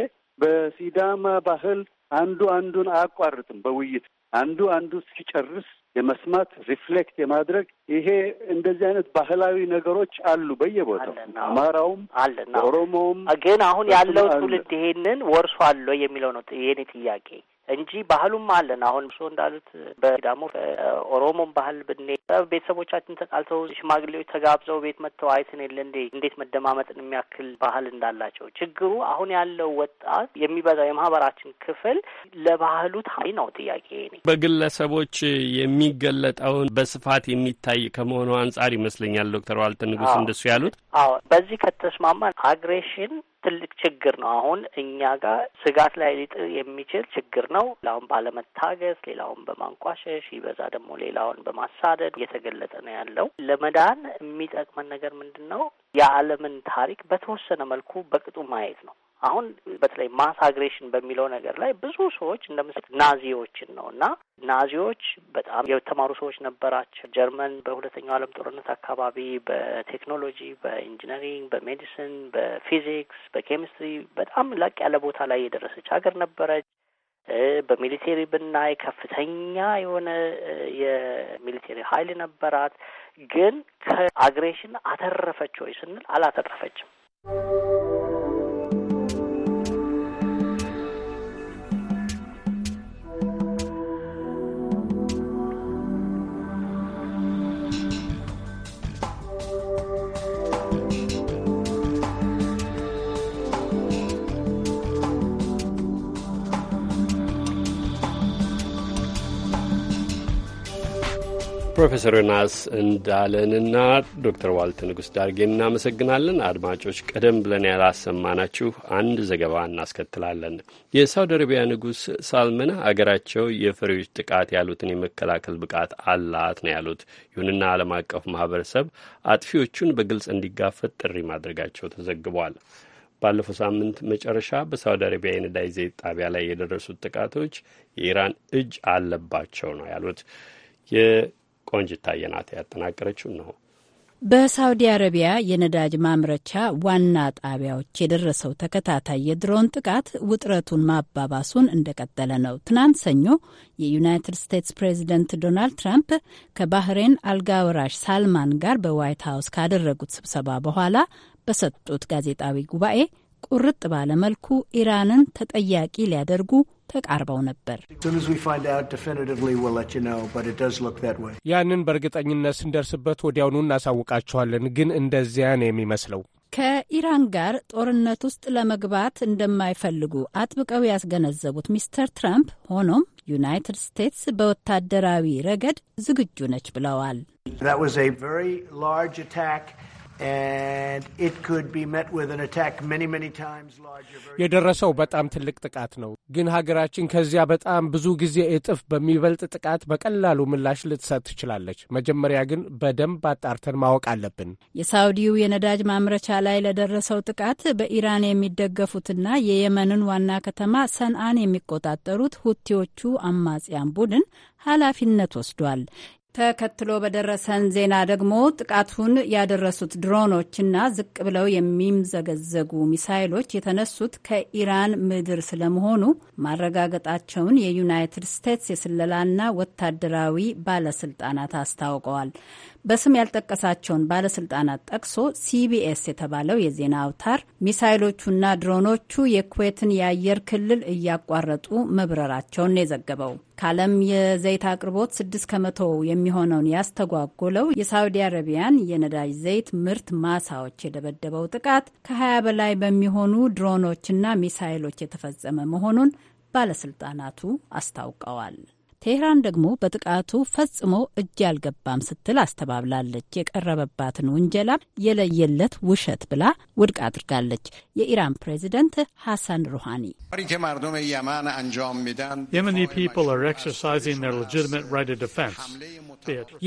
በሲዳማ ባህል አንዱ አንዱን አያቋርጥም። በውይይት አንዱ አንዱ ሲጨርስ የመስማት ሪፍሌክት የማድረግ ይሄ እንደዚህ አይነት ባህላዊ ነገሮች አሉ በየቦታው አማራውም አለና ኦሮሞውም ግን አሁን ያለው ትውልድ ይሄንን ወርሷል የሚለው ነው የኔ ጥያቄ። እንጂ ባህሉም አለን። አሁን እርሶ እንዳሉት በሲዳሞ ኦሮሞም ባህል ብኔ ቤተሰቦቻችን ተጣልተው ሽማግሌዎች ተጋብዘው ቤት መጥተው አይተን የለ እንዴ? እንዴት መደማመጥን የሚያክል ባህል እንዳላቸው። ችግሩ አሁን ያለው ወጣት የሚበዛው የማህበራችን ክፍል ለባህሉ ታይ ነው። ጥያቄ ኔ በግለሰቦች የሚገለጠውን በስፋት የሚታይ ከመሆኑ አንጻር ይመስለኛል ዶክተር ዋልተ ንጉስ እንደሱ ያሉት። አዎ በዚህ ከተስማማ አግሬሽን ትልቅ ችግር ነው። አሁን እኛ ጋር ስጋት ላይ ሊጥል የሚችል ችግር ነው። ሌላውን ባለመታገስ፣ ሌላውን በማንቋሸሽ ይበዛ ደግሞ ሌላውን በማሳደድ እየተገለጠ ነው ያለው። ለመዳን የሚጠቅመን ነገር ምንድን ነው? የዓለምን ታሪክ በተወሰነ መልኩ በቅጡ ማየት ነው። አሁን በተለይ ማስ አግሬሽን በሚለው ነገር ላይ ብዙ ሰዎች እንደ ምስል ናዚዎችን ነው እና ናዚዎች በጣም የተማሩ ሰዎች ነበራቸው። ጀርመን በሁለተኛው ዓለም ጦርነት አካባቢ በቴክኖሎጂ፣ በኢንጂነሪንግ፣ በሜዲሲን፣ በፊዚክስ፣ በኬሚስትሪ በጣም ላቅ ያለ ቦታ ላይ የደረሰች ሀገር ነበረች። በሚሊቴሪ ብናይ ከፍተኛ የሆነ የሚሊቴሪ ኃይል ነበራት። ግን ከአግሬሽን አተረፈች ወይ ስንል አላተረፈችም። ፕሮፌሰር ዮናስ እንዳለንና ዶክተር ዋልት ንጉሥ ዳርጌን እናመሰግናለን። አድማጮች፣ ቀደም ብለን ያላሰማናችሁ አንድ ዘገባ እናስከትላለን። የሳውዲ አረቢያ ንጉሥ ሳልመን አገራቸው የፍሬዎች ጥቃት ያሉትን የመከላከል ብቃት አላት ነው ያሉት። ይሁንና ዓለም አቀፍ ማህበረሰብ አጥፊዎቹን በግልጽ እንዲጋፈጥ ጥሪ ማድረጋቸው ተዘግቧል። ባለፈው ሳምንት መጨረሻ በሳውዲ አረቢያ የነዳጅ ዘይት ጣቢያ ላይ የደረሱት ጥቃቶች የኢራን እጅ አለባቸው ነው ያሉት። ቆንጅታ ታየናት ያጠናቀረችው ነው። በሳውዲ አረቢያ የነዳጅ ማምረቻ ዋና ጣቢያዎች የደረሰው ተከታታይ የድሮን ጥቃት ውጥረቱን ማባባሱን እንደቀጠለ ነው። ትናንት ሰኞ የዩናይትድ ስቴትስ ፕሬዚደንት ዶናልድ ትራምፕ ከባህሬን አልጋወራሽ ሳልማን ጋር በዋይት ሀውስ ካደረጉት ስብሰባ በኋላ በሰጡት ጋዜጣዊ ጉባኤ ቁርጥ ባለ መልኩ ኢራንን ተጠያቂ ሊያደርጉ ተቃርበው ነበር። ያንን በእርግጠኝነት ስንደርስበት ወዲያውኑ እናሳውቃቸዋለን ግን እንደዚያ ነው የሚመስለው። ከኢራን ጋር ጦርነት ውስጥ ለመግባት እንደማይፈልጉ አጥብቀው ያስገነዘቡት ሚስተር ትራምፕ ሆኖም ዩናይትድ ስቴትስ በወታደራዊ ረገድ ዝግጁ ነች ብለዋል። የደረሰው በጣም ትልቅ ጥቃት ነው፣ ግን ሀገራችን ከዚያ በጣም ብዙ ጊዜ እጥፍ በሚበልጥ ጥቃት በቀላሉ ምላሽ ልትሰጥ ትችላለች። መጀመሪያ ግን በደንብ አጣርተን ማወቅ አለብን። የሳውዲው የነዳጅ ማምረቻ ላይ ለደረሰው ጥቃት በኢራን የሚደገፉትና የየመንን ዋና ከተማ ሰንአን የሚቆጣጠሩት ሁቲዎቹ አማጽያን ቡድን ኃላፊነት ወስዷል። ተከትሎ በደረሰን ዜና ደግሞ ጥቃቱን ያደረሱት ድሮኖችና ዝቅ ብለው የሚምዘገዘጉ ሚሳይሎች የተነሱት ከኢራን ምድር ስለመሆኑ ማረጋገጣቸውን የዩናይትድ ስቴትስ የስለላና ወታደራዊ ባለስልጣናት አስታውቀዋል። በስም ያልጠቀሳቸውን ባለስልጣናት ጠቅሶ ሲቢኤስ የተባለው የዜና አውታር ሚሳይሎቹና ድሮኖቹ የኩዌትን የአየር ክልል እያቋረጡ መብረራቸውን ነው የዘገበው። ከዓለም የዘይት አቅርቦት ስድስት ከመቶ የሚሆነውን ያስተጓጎለው የሳውዲ አረቢያን የነዳጅ ዘይት ምርት ማሳዎች የደበደበው ጥቃት ከ20 በላይ በሚሆኑ ድሮኖችና ሚሳይሎች የተፈጸመ መሆኑን ባለስልጣናቱ አስታውቀዋል። ቴህራን ደግሞ በጥቃቱ ፈጽሞ እጅ አልገባም ስትል አስተባብላለች። የቀረበባትን ውንጀላም የለየለት ውሸት ብላ ውድቅ አድርጋለች። የኢራን ፕሬዚደንት ሐሰን ሩሃኒ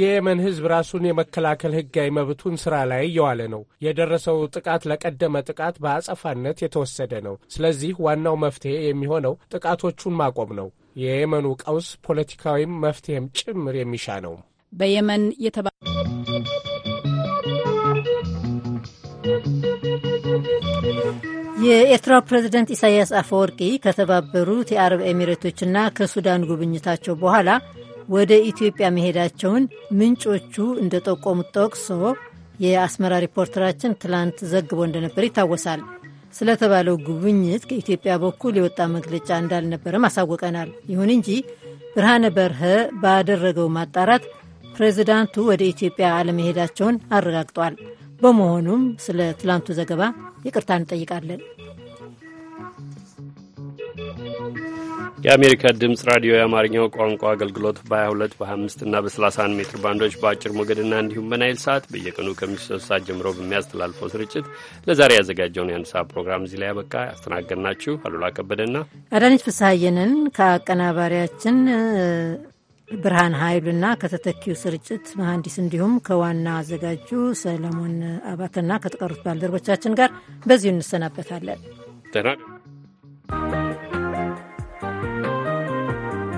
የየመን ሕዝብ ራሱን የመከላከል ሕጋዊ መብቱን ስራ ላይ የዋለ ነው። የደረሰው ጥቃት ለቀደመ ጥቃት በአጸፋነት የተወሰደ ነው። ስለዚህ ዋናው መፍትሄ የሚሆነው ጥቃቶቹን ማቆም ነው። የየመኑ ቀውስ ፖለቲካዊም መፍትሄም ጭምር የሚሻ ነው። በየመን የተባ የኤርትራው ፕሬዝደንት ኢሳያስ አፈወርቂ ከተባበሩት የአረብ ኤሚሬቶችና ከሱዳን ጉብኝታቸው በኋላ ወደ ኢትዮጵያ መሄዳቸውን ምንጮቹ ጠቆሙት ጠቅሶ የአስመራ ሪፖርተራችን ትላንት ዘግቦ እንደነበር ይታወሳል። ስለተባለው ጉብኝት ከኢትዮጵያ በኩል የወጣ መግለጫ እንዳልነበረም አሳውቀናል። ይሁን እንጂ ብርሃነ በርሀ ባደረገው ማጣራት ፕሬዚዳንቱ ወደ ኢትዮጵያ አለመሄዳቸውን አረጋግጧል። በመሆኑም ስለ ትላንቱ ዘገባ ይቅርታ እንጠይቃለን። የአሜሪካ ድምፅ ራዲዮ የአማርኛው ቋንቋ አገልግሎት በ22 በ25 እና በ31 ሜትር ባንዶች በአጭር ሞገድና እንዲሁም በናይል ሰዓት በየቀኑ ከምሽቱ ሶስት ሰዓት ጀምሮ በሚያስተላልፈው ስርጭት ለዛሬ ያዘጋጀውን የአንድ ሰዓት ፕሮግራም እዚህ ላይ ያበቃ። ያስተናገድናችሁ አሉላ ከበደና አዳነች ፍስሐየንን ከአቀናባሪያችን ብርሃን ኃይሉና ከተተኪው ስርጭት መሐንዲስ እንዲሁም ከዋና አዘጋጁ ሰለሞን አባተና ከተቀሩት ባልደረቦቻችን ጋር በዚሁ እንሰናበታለን።